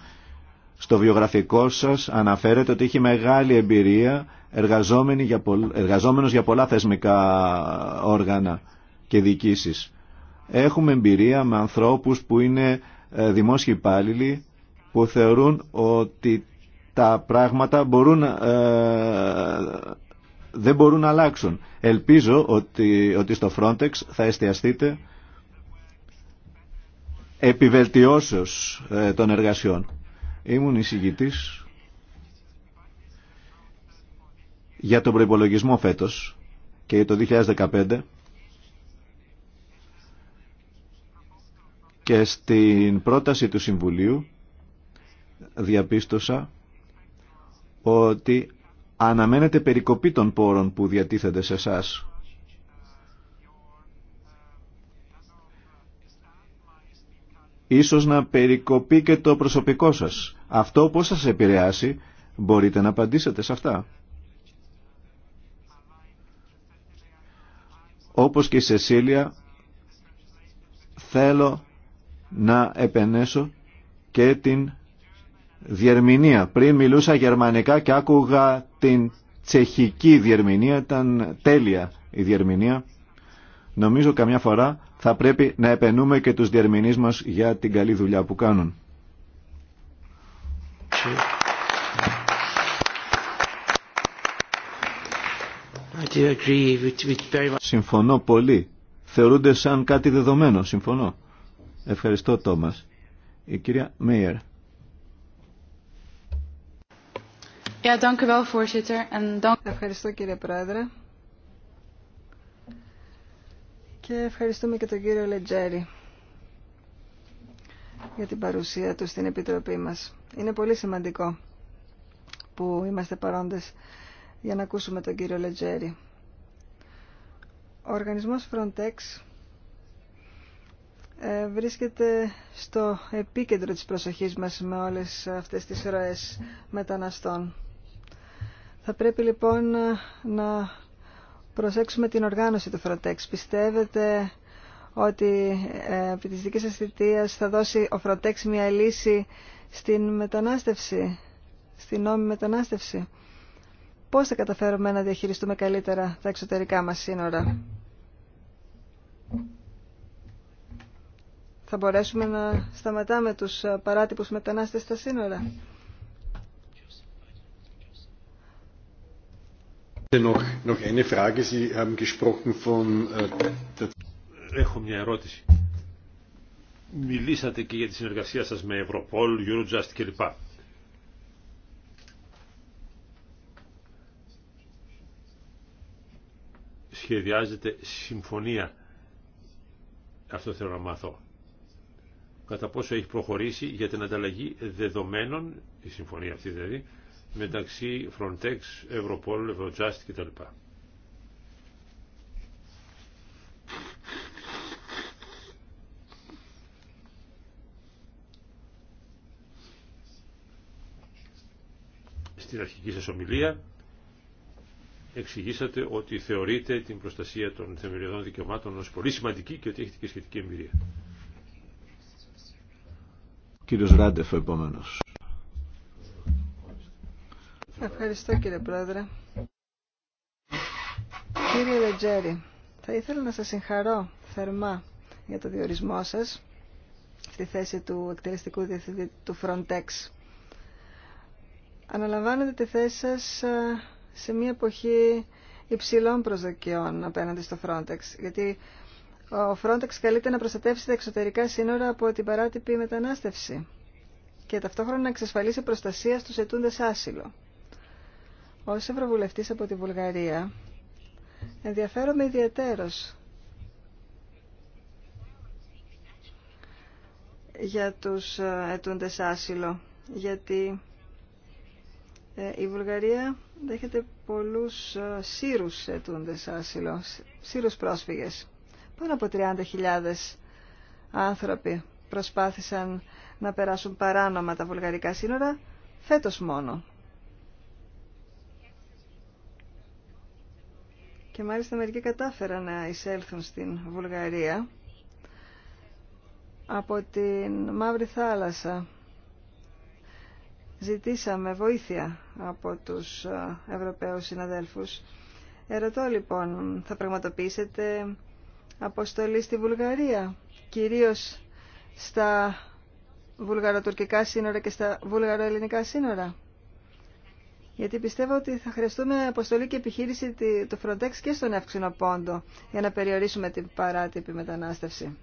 στο βιογραφικό σας αναφέρετε ότι έχει μεγάλη εμπειρία για εργαζόμενος για πολλά θεσμικά όργανα και διοικήσεις. Έχουμε εμπειρία με ανθρώπους που είναι ε, δημόσιοι υπάλληλοι που θεωρούν ότι τα πράγματα μπορούν, ε, δεν μπορούν να αλλάξουν. Ελπίζω ότι, ότι στο Frontex θα εστιαστείτε επιβελτιώσεως ε, των εργασιών. Ήμουν εισηγητής για τον προϋπολογισμό φέτος και το 2015 και στην πρόταση του Συμβουλίου διαπίστωσα ότι αναμένεται περικοπή των πόρων που διατίθενται σε εσάς ίσως να περικοπεί και το προσωπικό σας. Αυτό πώς σας επηρεάσει, μπορείτε να απαντήσετε σε αυτά. Όπως και η Σεσίλια, θέλω να επενέσω και την διερμηνία. Πριν μιλούσα γερμανικά και άκουγα την τσεχική διερμηνία, ήταν τέλεια η διερμηνία. Νομίζω καμιά φορά θα πρέπει να επενούμε και τους διερμηνείς μας για την καλή δουλειά που κάνουν. Συμφωνώ πολύ. Θεωρούνται σαν κάτι δεδομένο. Συμφωνώ. Ευχαριστώ, Τόμας. Η κυρία Μέιερ. Ευχαριστώ, κύριε Πρόεδρε. Και ευχαριστούμε και τον κύριο Λετζέρη για την παρουσία του στην Επιτροπή μας. Είναι πολύ σημαντικό που είμαστε παρόντες για να ακούσουμε τον κύριο Λετζέρη. Ο οργανισμός Frontex ε, βρίσκεται στο επίκεντρο της προσοχής μας με όλες αυτές τις ροές μεταναστών. Θα πρέπει λοιπόν ε, να προσέξουμε την οργάνωση του Frontex. Πιστεύετε ότι ε, επί της δικής σας θητείας θα δώσει ο Frontex μια λύση στην μετανάστευση, στην νόμιμη μετανάστευση. Πώς θα καταφέρουμε να διαχειριστούμε καλύτερα τα εξωτερικά μας σύνορα. Θα μπορέσουμε να σταματάμε τους παράτυπους μετανάστες στα σύνορα. Äh, Έχω μια ερώτηση. Μιλήσατε και για τη συνεργασία σας με Ευρωπολ, Eurojust κλπ. Σχεδιάζεται συμφωνία. Αυτό θέλω να μάθω. Κατά πόσο έχει προχωρήσει για την ανταλλαγή δεδομένων, η συμφωνία αυτή δηλαδή, μεταξύ Frontex, Europol, Eurojust κτλ. Στην αρχική σας ομιλία εξηγήσατε ότι θεωρείτε την προστασία των θεμελιωδών δικαιωμάτων ως πολύ σημαντική και ότι έχετε και σχετική εμπειρία. Κύριος Ράντεφ, επόμενος. Ευχαριστώ κύριε Πρόεδρε. Κύριε Λετζέρη, θα ήθελα να σας συγχαρώ θερμά για το διορισμό σας στη θέση του εκτελεστικού διευθυντή του Frontex. Αναλαμβάνετε τη θέση σας ε, σε μια εποχή υψηλών προσδοκιών απέναντι στο Frontex, γιατί ο Frontex καλείται να προστατεύσει τα εξωτερικά σύνορα από την παράτυπη μετανάστευση και ταυτόχρονα να εξασφαλίσει προστασία στους ετούντες άσυλο. Ως Ευρωβουλευτής από τη Βουλγαρία ενδιαφέρομαι ιδιαίτερος για τους ε, αιτούντες άσυλο γιατί ε, η Βουλγαρία δέχεται πολλούς ε, σύρους αιτούντες άσυλο, σύρους πρόσφυγες. Πάνω από 30.000 άνθρωποι προσπάθησαν να περάσουν παράνομα τα βουλγαρικά σύνορα φέτος μόνο. και μάλιστα μερικοί κατάφεραν να εισέλθουν στην Βουλγαρία από την Μαύρη Θάλασσα. Ζητήσαμε βοήθεια από τους ε, Ευρωπαίους συναδέλφους. Ερωτώ λοιπόν, θα πραγματοποιήσετε αποστολή στη Βουλγαρία, κυρίως στα βουλγαροτουρκικά σύνορα και στα βουλγαροελληνικά σύνορα γιατί πιστεύω ότι θα χρειαστούμε αποστολή και επιχείρηση του Frontex και στον Εύξηνο Πόντο για να περιορίσουμε την παράτυπη μετανάστευση.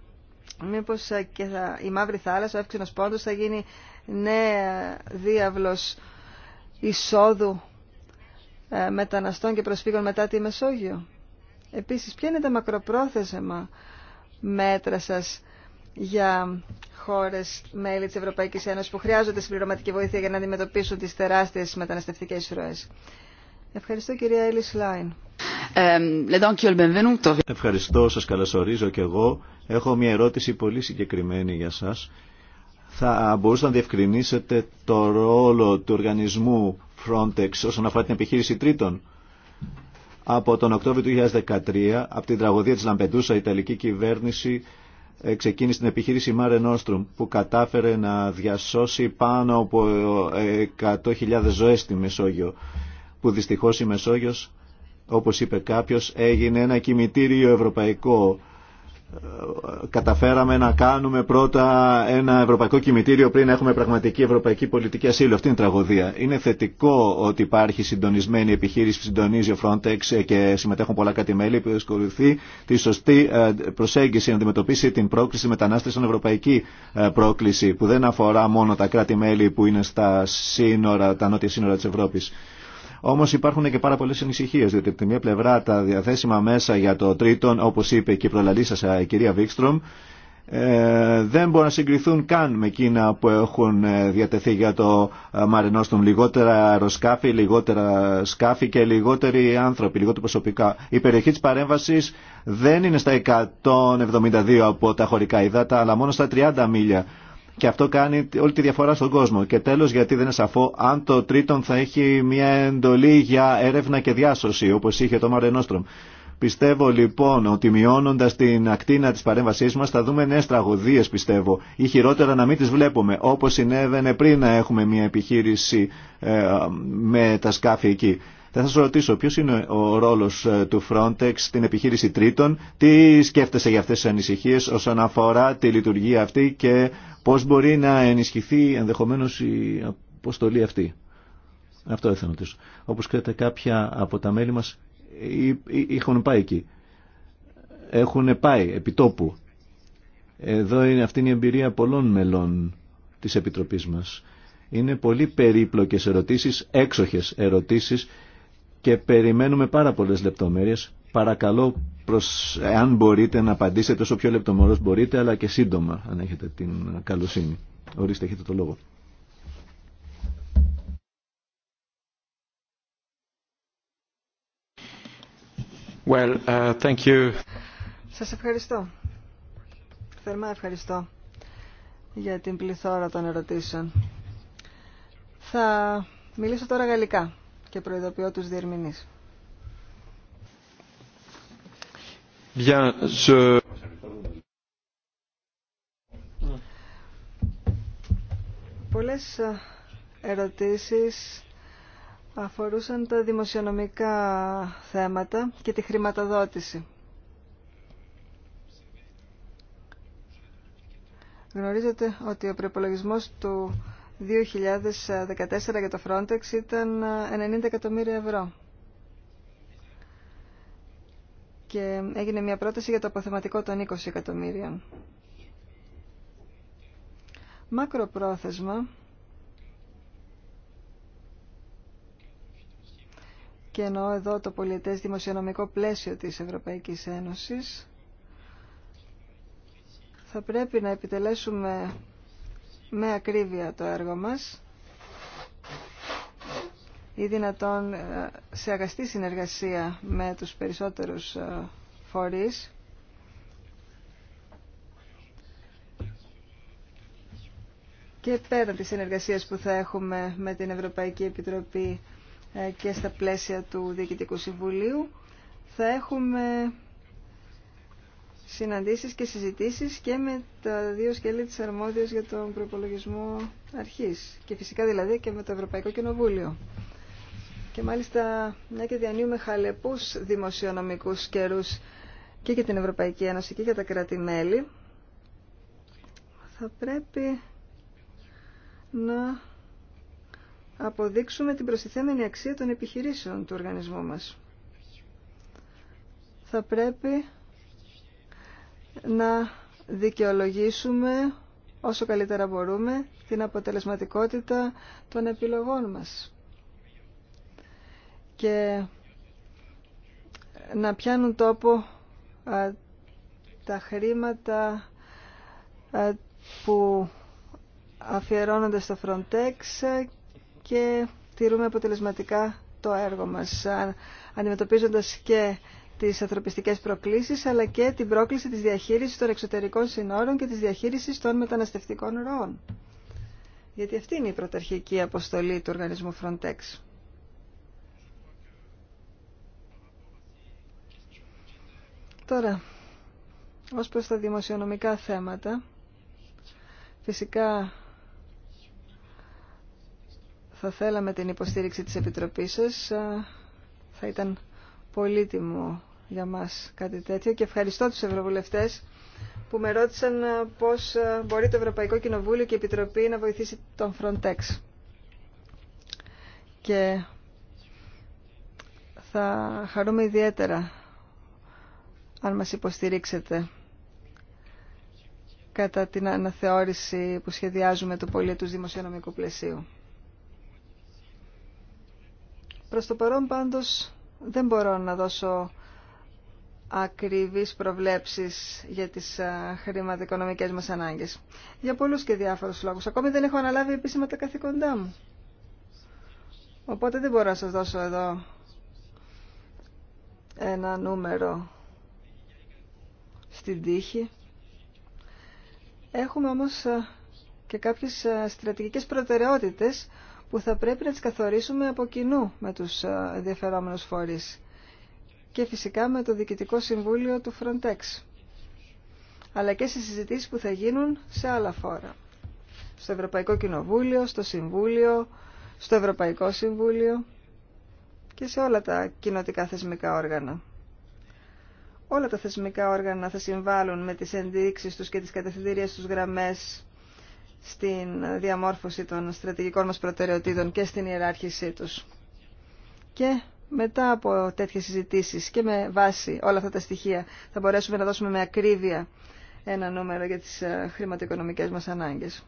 Μήπως ε, και θα, η Μαύρη Θάλασσα, ο αυξηνος Πόντος θα γίνει νέα διάβλος εισόδου ε, μεταναστών και προσφύγων μετά τη Μεσόγειο. Επίσης, ποια είναι τα μακροπρόθεσμα μέτρα σας για χώρε μέλη τη Ευρωπαϊκή Ένωση που χρειάζονται συμπληρωματική βοήθεια για να αντιμετωπίσουν τι τεράστιε μεταναστευτικέ ροέ. Ευχαριστώ κυρία Έλλη Σλάιν. Ε, Ευχαριστώ, σα καλωσορίζω και εγώ. Έχω μια ερώτηση πολύ συγκεκριμένη για σα. Θα μπορούσατε να διευκρινίσετε το ρόλο του οργανισμού Frontex όσον αφορά την επιχείρηση τρίτων. Από τον Οκτώβριο του 2013, από την τραγωδία της Λαμπεντούσα, η Ιταλική κυβέρνηση ε, ξεκίνησε την επιχείρηση Mare Nostrum που κατάφερε να διασώσει πάνω από 100.000 ε, ζωές στη Μεσόγειο που δυστυχώς η Μεσόγειος όπως είπε κάποιος έγινε ένα κημητήριο ευρωπαϊκό καταφέραμε να κάνουμε πρώτα ένα ευρωπαϊκό κημητήριο πριν έχουμε πραγματική ευρωπαϊκή πολιτική ασύλου. Αυτή είναι η τραγωδία. Είναι θετικό ότι υπάρχει συντονισμένη επιχείρηση που συντονίζει ο Frontex και συμμετέχουν πολλά κράτη-μέλη που ασχοληθεί τη σωστή ε, προσέγγιση να αντιμετωπίσει την πρόκληση μετανάστευση σαν ευρωπαϊκή ε, πρόκληση που δεν αφορά μόνο τα κράτη-μέλη που είναι στα σύνορα, τα νότια σύνορα της Ευρώπης. Όμω υπάρχουν και πάρα πολλέ ανησυχίε, διότι από τη μία πλευρά τα διαθέσιμα μέσα για το τρίτον, όπω είπε και η προλαλή σα ε, η κυρία Βίξτρομ, ε, δεν μπορούν να συγκριθούν καν με εκείνα που έχουν ε, διατεθεί για το Μαρενόστομ. Λιγότερα αεροσκάφη, λιγότερα σκάφη και λιγότεροι άνθρωποι, λιγότερο προσωπικά. Η περιοχή της παρέμβασης δεν είναι στα 172 από τα χωρικά υδάτα, αλλά μόνο στα 30 μίλια. Και αυτό κάνει όλη τη διαφορά στον κόσμο. Και τέλος γιατί δεν είναι σαφό αν το τρίτον θα έχει μια εντολή για έρευνα και διάσωση όπως είχε το Μαρενόστρομ. Πιστεύω λοιπόν ότι μειώνοντα την ακτίνα τη παρέμβασή μα θα δούμε νέε τραγωδίε, πιστεύω, ή χειρότερα να μην τι βλέπουμε, όπω συνέβαινε πριν να έχουμε μια επιχείρηση ε, με τα σκάφη εκεί. Θα σα ρωτήσω ποιο είναι ο ρόλο ε, του Frontex στην επιχείρηση τρίτων, τι σκέφτεσαι για αυτέ τι ανησυχίε όσον αφορά τη λειτουργία αυτή και πώς μπορεί να ενισχυθεί ενδεχομένως η αποστολή αυτή. Αυτό να τους. Όπως ξέρετε κάποια από τα μέλη μας έχουν πάει εκεί. Έχουν πάει επί τόπου. Εδώ είναι αυτή η εμπειρία πολλών μελών της Επιτροπής μας. Είναι πολύ περίπλοκες ερωτήσεις, έξοχες ερωτήσεις και περιμένουμε πάρα πολλές λεπτομέρειες. Παρακαλώ προς, εάν μπορείτε να απαντήσετε όσο πιο λεπτομερώς μπορείτε, αλλά και σύντομα, αν έχετε την καλοσύνη. Ορίστε, έχετε το λόγο. Well, uh, thank you. Σας ευχαριστώ. Θερμά ευχαριστώ για την πληθώρα των ερωτήσεων. Θα μιλήσω τώρα γαλλικά και προειδοποιώ τους διερμηνείς. Bien, je... Πολλές ε, ερωτήσεις αφορούσαν τα δημοσιονομικά θέματα και τη χρηματοδότηση. Γνωρίζετε ότι ο προπολογισμό του 2014 για το Frontex ήταν 90 ε, εκατομμύρια ευρώ. και έγινε μια πρόταση για το αποθεματικό των 20 εκατομμύριων. Μακροπρόθεσμα και εννοώ εδώ το πολιετές δημοσιονομικό πλαίσιο της Ευρωπαϊκής Ένωσης θα πρέπει να επιτελέσουμε με ακρίβεια το έργο μας ή δυνατόν ε, σε αγαστή συνεργασία με τους περισσότερους ε, φορείς και πέραν της συνεργασίας που θα έχουμε με την Ευρωπαϊκή Επιτροπή ε, και στα πλαίσια του Διοικητικού Συμβουλίου θα έχουμε συναντήσεις και συζητήσεις και με τα δύο σκέλη της αρμόδιας για τον προπολογισμό αρχής και φυσικά δηλαδή και με το Ευρωπαϊκό Κοινοβούλιο. Και μάλιστα, μια και διανύουμε χαλεπούς δημοσιονομικούς καιρού και για την Ευρωπαϊκή Ένωση και για τα κράτη-μέλη, θα πρέπει να αποδείξουμε την προστιθέμενη αξία των επιχειρήσεων του οργανισμού μας. Θα πρέπει να δικαιολογήσουμε όσο καλύτερα μπορούμε την αποτελεσματικότητα των επιλογών μας και να πιάνουν τόπο τα χρήματα που αφιερώνονται στο Frontex και τηρούμε αποτελεσματικά το έργο μας, αντιμετωπίζοντας και τις ανθρωπιστικές προκλήσεις, αλλά και την πρόκληση της διαχείρισης των εξωτερικών συνόρων και της διαχείρισης των μεταναστευτικών ροών. Γιατί αυτή είναι η πρωταρχική αποστολή του οργανισμού Frontex. Τώρα, ως προς τα δημοσιονομικά θέματα, φυσικά θα θέλαμε την υποστήριξη της Επιτροπής σας. Θα ήταν πολύτιμο για μας κάτι τέτοιο και ευχαριστώ τους Ευρωβουλευτές που με ρώτησαν πώς μπορεί το Ευρωπαϊκό Κοινοβούλιο και η Επιτροπή να βοηθήσει τον Frontex. Και θα χαρούμε ιδιαίτερα αν μας υποστηρίξετε κατά την αναθεώρηση που σχεδιάζουμε του πολίτου δημοσιονομικού πλαισίου. Προς το παρόν πάντως δεν μπορώ να δώσω ακριβείς προβλέψεις για τις χρηματοοικονομικές μας ανάγκες. Για πολλούς και διάφορους λόγους. Ακόμη δεν έχω αναλάβει επίσημα τα καθηκοντά μου. Οπότε δεν μπορώ να σας δώσω εδώ ένα νούμερο στην τύχη. Έχουμε όμως ε, και κάποιες ε, στρατηγικές προτεραιότητες που θα πρέπει να τις καθορίσουμε από κοινού με τους ε, ενδιαφερόμενους φορείς και φυσικά με το Διοικητικό Συμβούλιο του Frontex αλλά και σε συζητήσεις που θα γίνουν σε άλλα φόρα. Στο Ευρωπαϊκό Κοινοβούλιο, στο Συμβούλιο, στο Ευρωπαϊκό Συμβούλιο και σε όλα τα κοινοτικά θεσμικά όργανα όλα τα θεσμικά όργανα θα συμβάλλουν με τις ενδείξεις τους και τις κατευθυντήριες τους γραμμές στην διαμόρφωση των στρατηγικών μας προτεραιοτήτων και στην ιεράρχησή τους. Και μετά από τέτοιες συζητήσεις και με βάση όλα αυτά τα στοιχεία θα μπορέσουμε να δώσουμε με ακρίβεια ένα νούμερο για τις ε, χρηματοοικονομικές μας ανάγκες.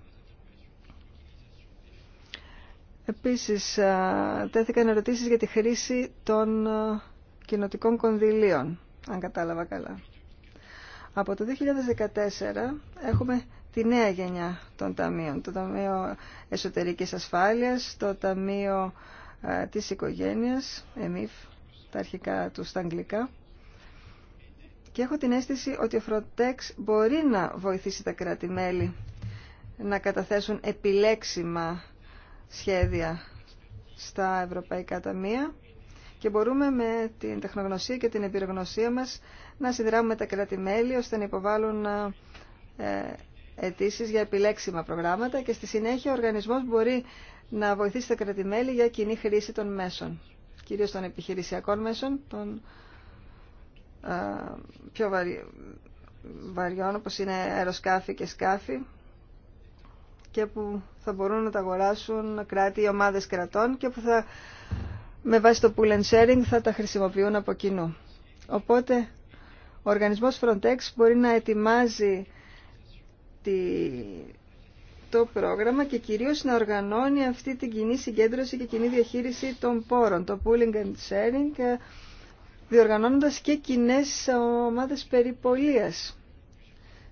Επίσης, ε, τέθηκαν ερωτήσεις για τη χρήση των ε, κοινοτικών κονδυλίων αν κατάλαβα καλά. Από το 2014 έχουμε τη νέα γενιά των ταμείων. Το Ταμείο Εσωτερικής Ασφάλειας, το Ταμείο ε, της Οικογένειας, ΕΜΙΦ, τα αρχικά του στα αγγλικά. Και έχω την αίσθηση ότι ο Frontex μπορεί να βοηθήσει τα κράτη-μέλη να καταθέσουν επιλέξιμα σχέδια στα ευρωπαϊκά ταμεία και μπορούμε με την τεχνογνωσία και την εμπειρογνωσία μας να συνδράμουμε τα κράτη-μέλη ώστε να υποβάλουν ε, αιτήσει για επιλέξιμα προγράμματα και στη συνέχεια ο οργανισμός μπορεί να βοηθήσει τα κράτη-μέλη για κοινή χρήση των μέσων, κυρίως των επιχειρησιακών μέσων, των ε, πιο βαριών όπως είναι αεροσκάφη και σκάφη και που θα μπορούν να τα αγοράσουν κράτη ή ομάδες κρατών και που θα με βάση το pool and sharing θα τα χρησιμοποιούν από κοινού. Οπότε ο οργανισμός Frontex μπορεί να ετοιμάζει το πρόγραμμα και κυρίως να οργανώνει αυτή την κοινή συγκέντρωση και κοινή διαχείριση των πόρων, το pooling and sharing, διοργανώνοντας και κοινέ ομάδες περιπολίας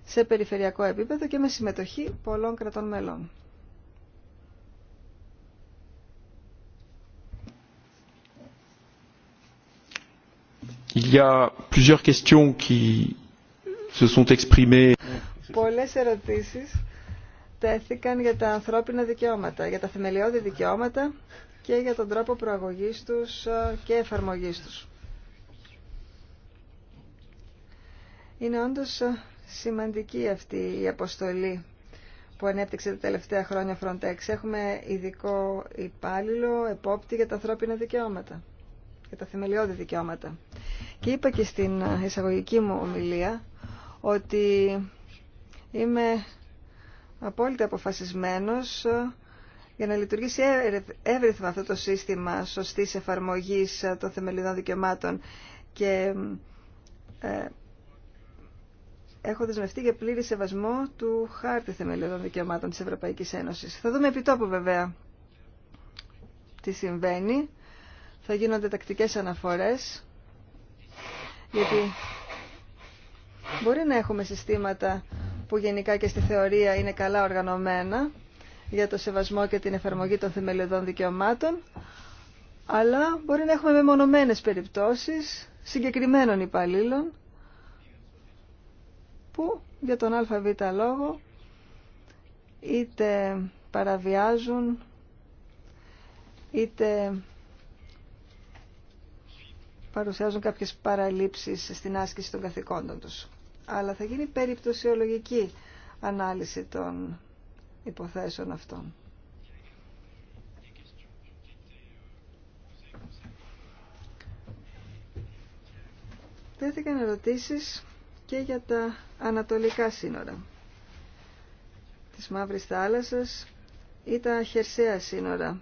σε περιφερειακό επίπεδο και με συμμετοχή πολλών κρατών μελών. Il y a plusieurs questions qui se sont exprimées. Πολλές ερωτήσεις τέθηκαν για τα ανθρώπινα δικαιώματα, για τα θεμελιώδη δικαιώματα και για τον τρόπο προαγωγής τους και εφαρμογής τους. Είναι όντως σημαντική αυτή η αποστολή που ανέπτυξε τα τελευταία χρόνια Frontex. Έχουμε ειδικό υπάλληλο, επόπτη για τα ανθρώπινα δικαιώματα για τα θεμελιώδη δικαιώματα. Και είπα και στην εισαγωγική μου ομιλία ότι είμαι απόλυτα αποφασισμένος για να λειτουργήσει εύρυθμα αυτό το σύστημα σωστής εφαρμογής των θεμελιωδών δικαιωμάτων και ε, έχω δεσμευτεί για πλήρη σεβασμό του χάρτη θεμελιωδών δικαιωμάτων της Ευρωπαϊκής Ένωσης. Θα δούμε επιτόπου βέβαια τι συμβαίνει θα γίνονται τακτικές αναφορές, γιατί μπορεί να έχουμε συστήματα που γενικά και στη θεωρία είναι καλά οργανωμένα για το σεβασμό και την εφαρμογή των θεμελιωδών δικαιωμάτων, αλλά μπορεί να έχουμε μεμονωμένες περιπτώσεις συγκεκριμένων υπαλλήλων που για τον ΑΒ λόγο είτε παραβιάζουν είτε παρουσιάζουν κάποιες παραλήψεις στην άσκηση των καθηκόντων τους. Αλλά θα γίνει περιπτωσιολογική ανάλυση των υποθέσεων αυτών. Τέθηκαν ερωτήσεις και για τα ανατολικά σύνορα της Μαύρης Θάλασσας ή τα χερσαία σύνορα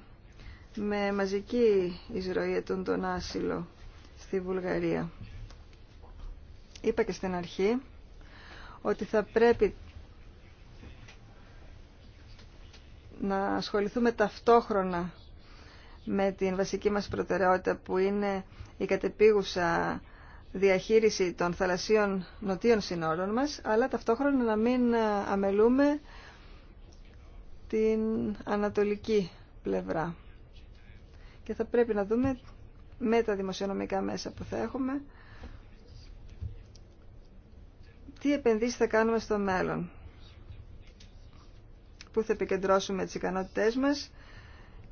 με μαζική εισρωή ετών τον άσυλο στη Βουλγαρία. Είπα και στην αρχή ότι θα πρέπει να ασχοληθούμε ταυτόχρονα με την βασική μας προτεραιότητα που είναι η κατεπίγουσα διαχείριση των θαλασσίων νοτίων συνόρων μας, αλλά ταυτόχρονα να μην αμελούμε την ανατολική πλευρά. Και θα πρέπει να δούμε με τα δημοσιονομικά μέσα που θα έχουμε, τι επενδύσεις θα κάνουμε στο μέλλον, πού θα επικεντρώσουμε τις ικανότητές μας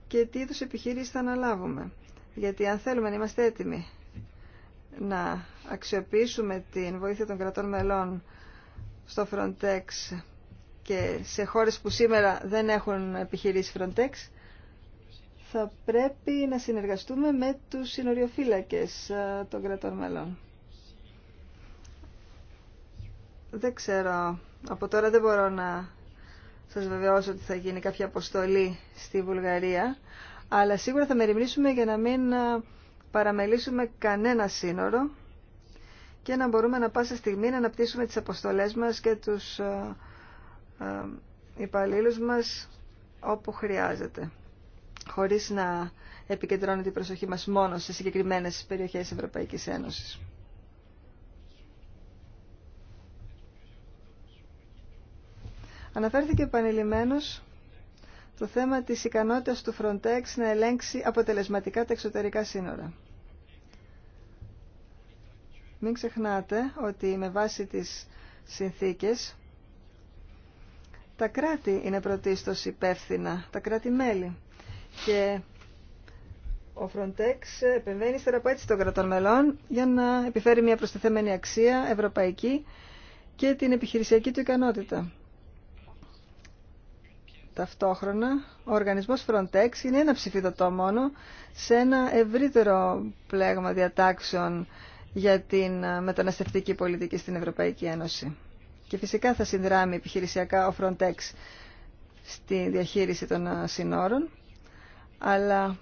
και τι είδους επιχείρηση θα αναλάβουμε. Γιατί αν θέλουμε να είμαστε έτοιμοι να αξιοποιήσουμε την βοήθεια των κρατών μελών στο Frontex και σε χώρες που σήμερα δεν έχουν επιχειρήσει Frontex, θα πρέπει να συνεργαστούμε με τους συνοριοφύλακες ε, των κρατών μελών. Δεν ξέρω. Από τώρα δεν μπορώ να σας βεβαιώσω ότι θα γίνει κάποια αποστολή στη Βουλγαρία, αλλά σίγουρα θα μεριμνήσουμε για να μην ε, παραμελήσουμε κανένα σύνορο και να μπορούμε να πάσα στιγμή να αναπτύσσουμε τις αποστολές μας και τους ε, υπαλλήλους μας όπου χρειάζεται χωρίς να επικεντρώνει την προσοχή μας μόνο σε συγκεκριμένες περιοχές της Ευρωπαϊκής Ένωσης. Αναφέρθηκε επανειλημμένως το θέμα της ικανότητας του Frontex να ελέγξει αποτελεσματικά τα εξωτερικά σύνορα. Μην ξεχνάτε ότι με βάση τις συνθήκες τα κράτη είναι πρωτίστως υπεύθυνα, τα κράτη-μέλη και ο Frontex επεμβαίνει από έτσι των κρατών μελών για να επιφέρει μια προστιθέμενη αξία ευρωπαϊκή και την επιχειρησιακή του ικανότητα. Ταυτόχρονα, ο οργανισμός Frontex είναι ένα ψηφιδωτό μόνο σε ένα ευρύτερο πλέγμα διατάξεων για την μεταναστευτική πολιτική στην Ευρωπαϊκή Ένωση. Και φυσικά θα συνδράμει επιχειρησιακά ο Frontex στη διαχείριση των συνόρων αλλά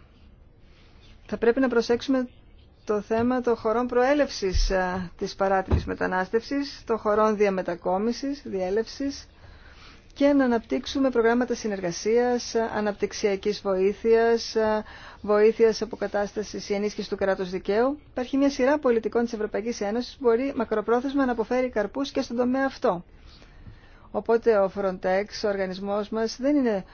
θα πρέπει να προσέξουμε το θέμα των χωρών προέλευσης ε, της παράτυπης μετανάστευσης, των χωρών διαμετακόμισης, διέλευσης και να αναπτύξουμε προγράμματα συνεργασίας, ε, αναπτυξιακής βοήθειας, ε, βοήθειας αποκατάστασης ή ενίσχυσης του κράτους δικαίου. Υπάρχει μια σειρά πολιτικών της Ευρωπαϊκής Ένωσης που μπορεί μακροπρόθεσμα να αποφέρει καρπούς και στον τομέα αυτό. Οπότε ο Frontex, ο οργανισμός μας, δεν είναι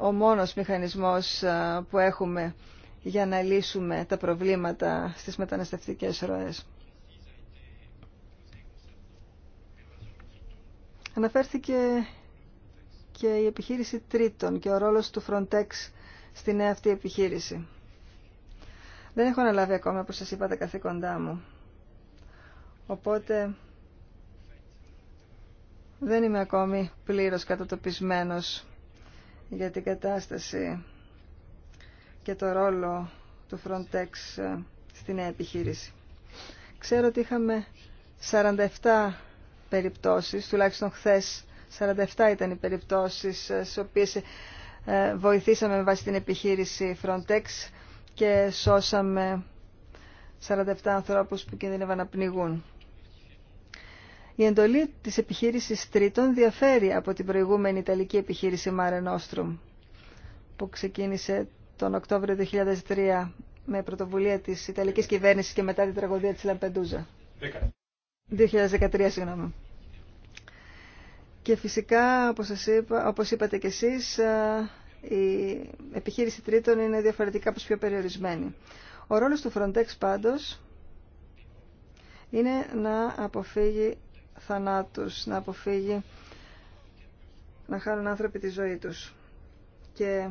ο μόνος μηχανισμός ε, που έχουμε για να λύσουμε τα προβλήματα στις μεταναστευτικές ροές. Αναφέρθηκε και η επιχείρηση τρίτων και ο ρόλος του Frontex στη νέα αυτή επιχείρηση. Δεν έχω αναλάβει ακόμα, όπως σας είπα, τα καθήκοντά μου. Οπότε δεν είμαι ακόμη πλήρως κατατοπισμένος για την κατάσταση και το ρόλο του Frontex ε, στην νέα επιχείρηση. Ξέρω ότι είχαμε 47 περιπτώσεις, τουλάχιστον χθες 47 ήταν οι περιπτώσεις ε, στις οποίες ε, βοηθήσαμε με βάση την επιχείρηση Frontex και σώσαμε 47 ανθρώπους που κινδύνευαν να πνιγούν. Η εντολή της επιχείρησης τρίτων διαφέρει από την προηγούμενη Ιταλική επιχείρηση Mare Nostrum που ξεκίνησε τον Οκτώβριο 2003 με πρωτοβουλία της Ιταλικής κυβέρνησης και μετά την τραγωδία της Λαμπεντούζα. 2013, συγγνώμη. Και φυσικά, όπως, σας όπως είπατε κι εσείς, η επιχείρηση τρίτων είναι διαφορετικά πως πιο περιορισμένη. Ο ρόλος του Frontex πάντως είναι να αποφύγει θανάτους να αποφύγει να χάνουν άνθρωποι τη ζωή τους. Και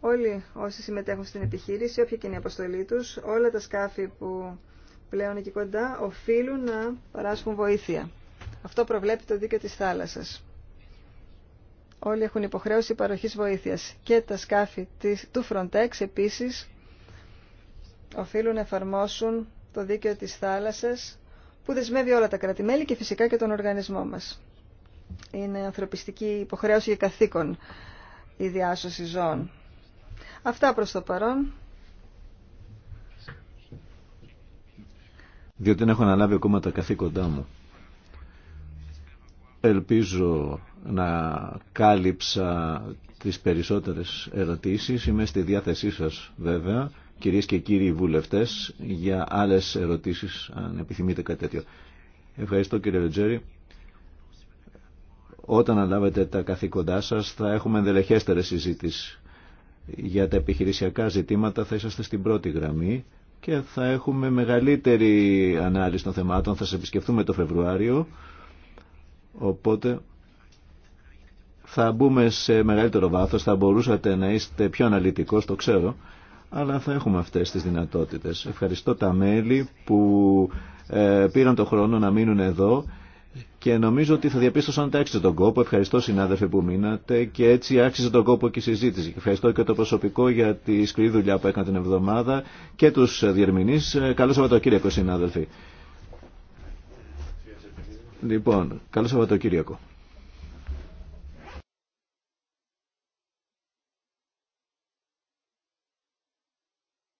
όλοι όσοι συμμετέχουν στην επιχείρηση, όποια και είναι η αποστολή τους, όλα τα σκάφη που πλέον εκεί κοντά οφείλουν να παράσχουν βοήθεια. Αυτό προβλέπει το δίκαιο της θάλασσας. Όλοι έχουν υποχρέωση παροχής βοήθειας και τα σκάφη του Frontex επίσης οφείλουν να εφαρμόσουν το δίκαιο της θάλασσας που δεσμεύει όλα τα κρατη και φυσικά και τον οργανισμό μας. Είναι ανθρωπιστική υποχρέωση και καθήκον η διάσωση ζώων. Αυτά προς το παρόν. Διότι δεν έχω αναλάβει ακόμα τα καθήκοντά μου. Ελπίζω να κάλυψα τις περισσότερες ερωτήσεις. Είμαι στη διάθεσή σας βέβαια κυρίες και κύριοι βουλευτές για άλλες ερωτήσεις αν επιθυμείτε κάτι τέτοιο. Ευχαριστώ κύριε Λετζέρη. Όταν αναλάβετε τα καθήκοντά σας θα έχουμε ενδελεχέστερη συζήτηση. Για τα επιχειρησιακά ζητήματα θα είσαστε στην πρώτη γραμμή και θα έχουμε μεγαλύτερη ανάλυση των θεμάτων. Θα σας επισκεφτούμε το Φεβρουάριο, οπότε θα μπούμε σε μεγαλύτερο βάθος, θα μπορούσατε να είστε πιο αναλυτικός, το ξέρω αλλά θα έχουμε αυτές τις δυνατότητες. Ευχαριστώ τα μέλη που ε, πήραν το χρόνο να μείνουν εδώ και νομίζω ότι θα διαπίστωσαν ότι άξιζε τον κόπο. Ευχαριστώ συνάδελφοι που μείνατε και έτσι άξιζε τον κόπο και η συζήτηση. ευχαριστώ και το προσωπικό για τη σκληρή δουλειά που έκανα την εβδομάδα και τους διερμηνείς. Ε, καλό Σαββατοκύριακο συνάδελφοι. Λοιπόν, καλό Σαββατοκύριακο.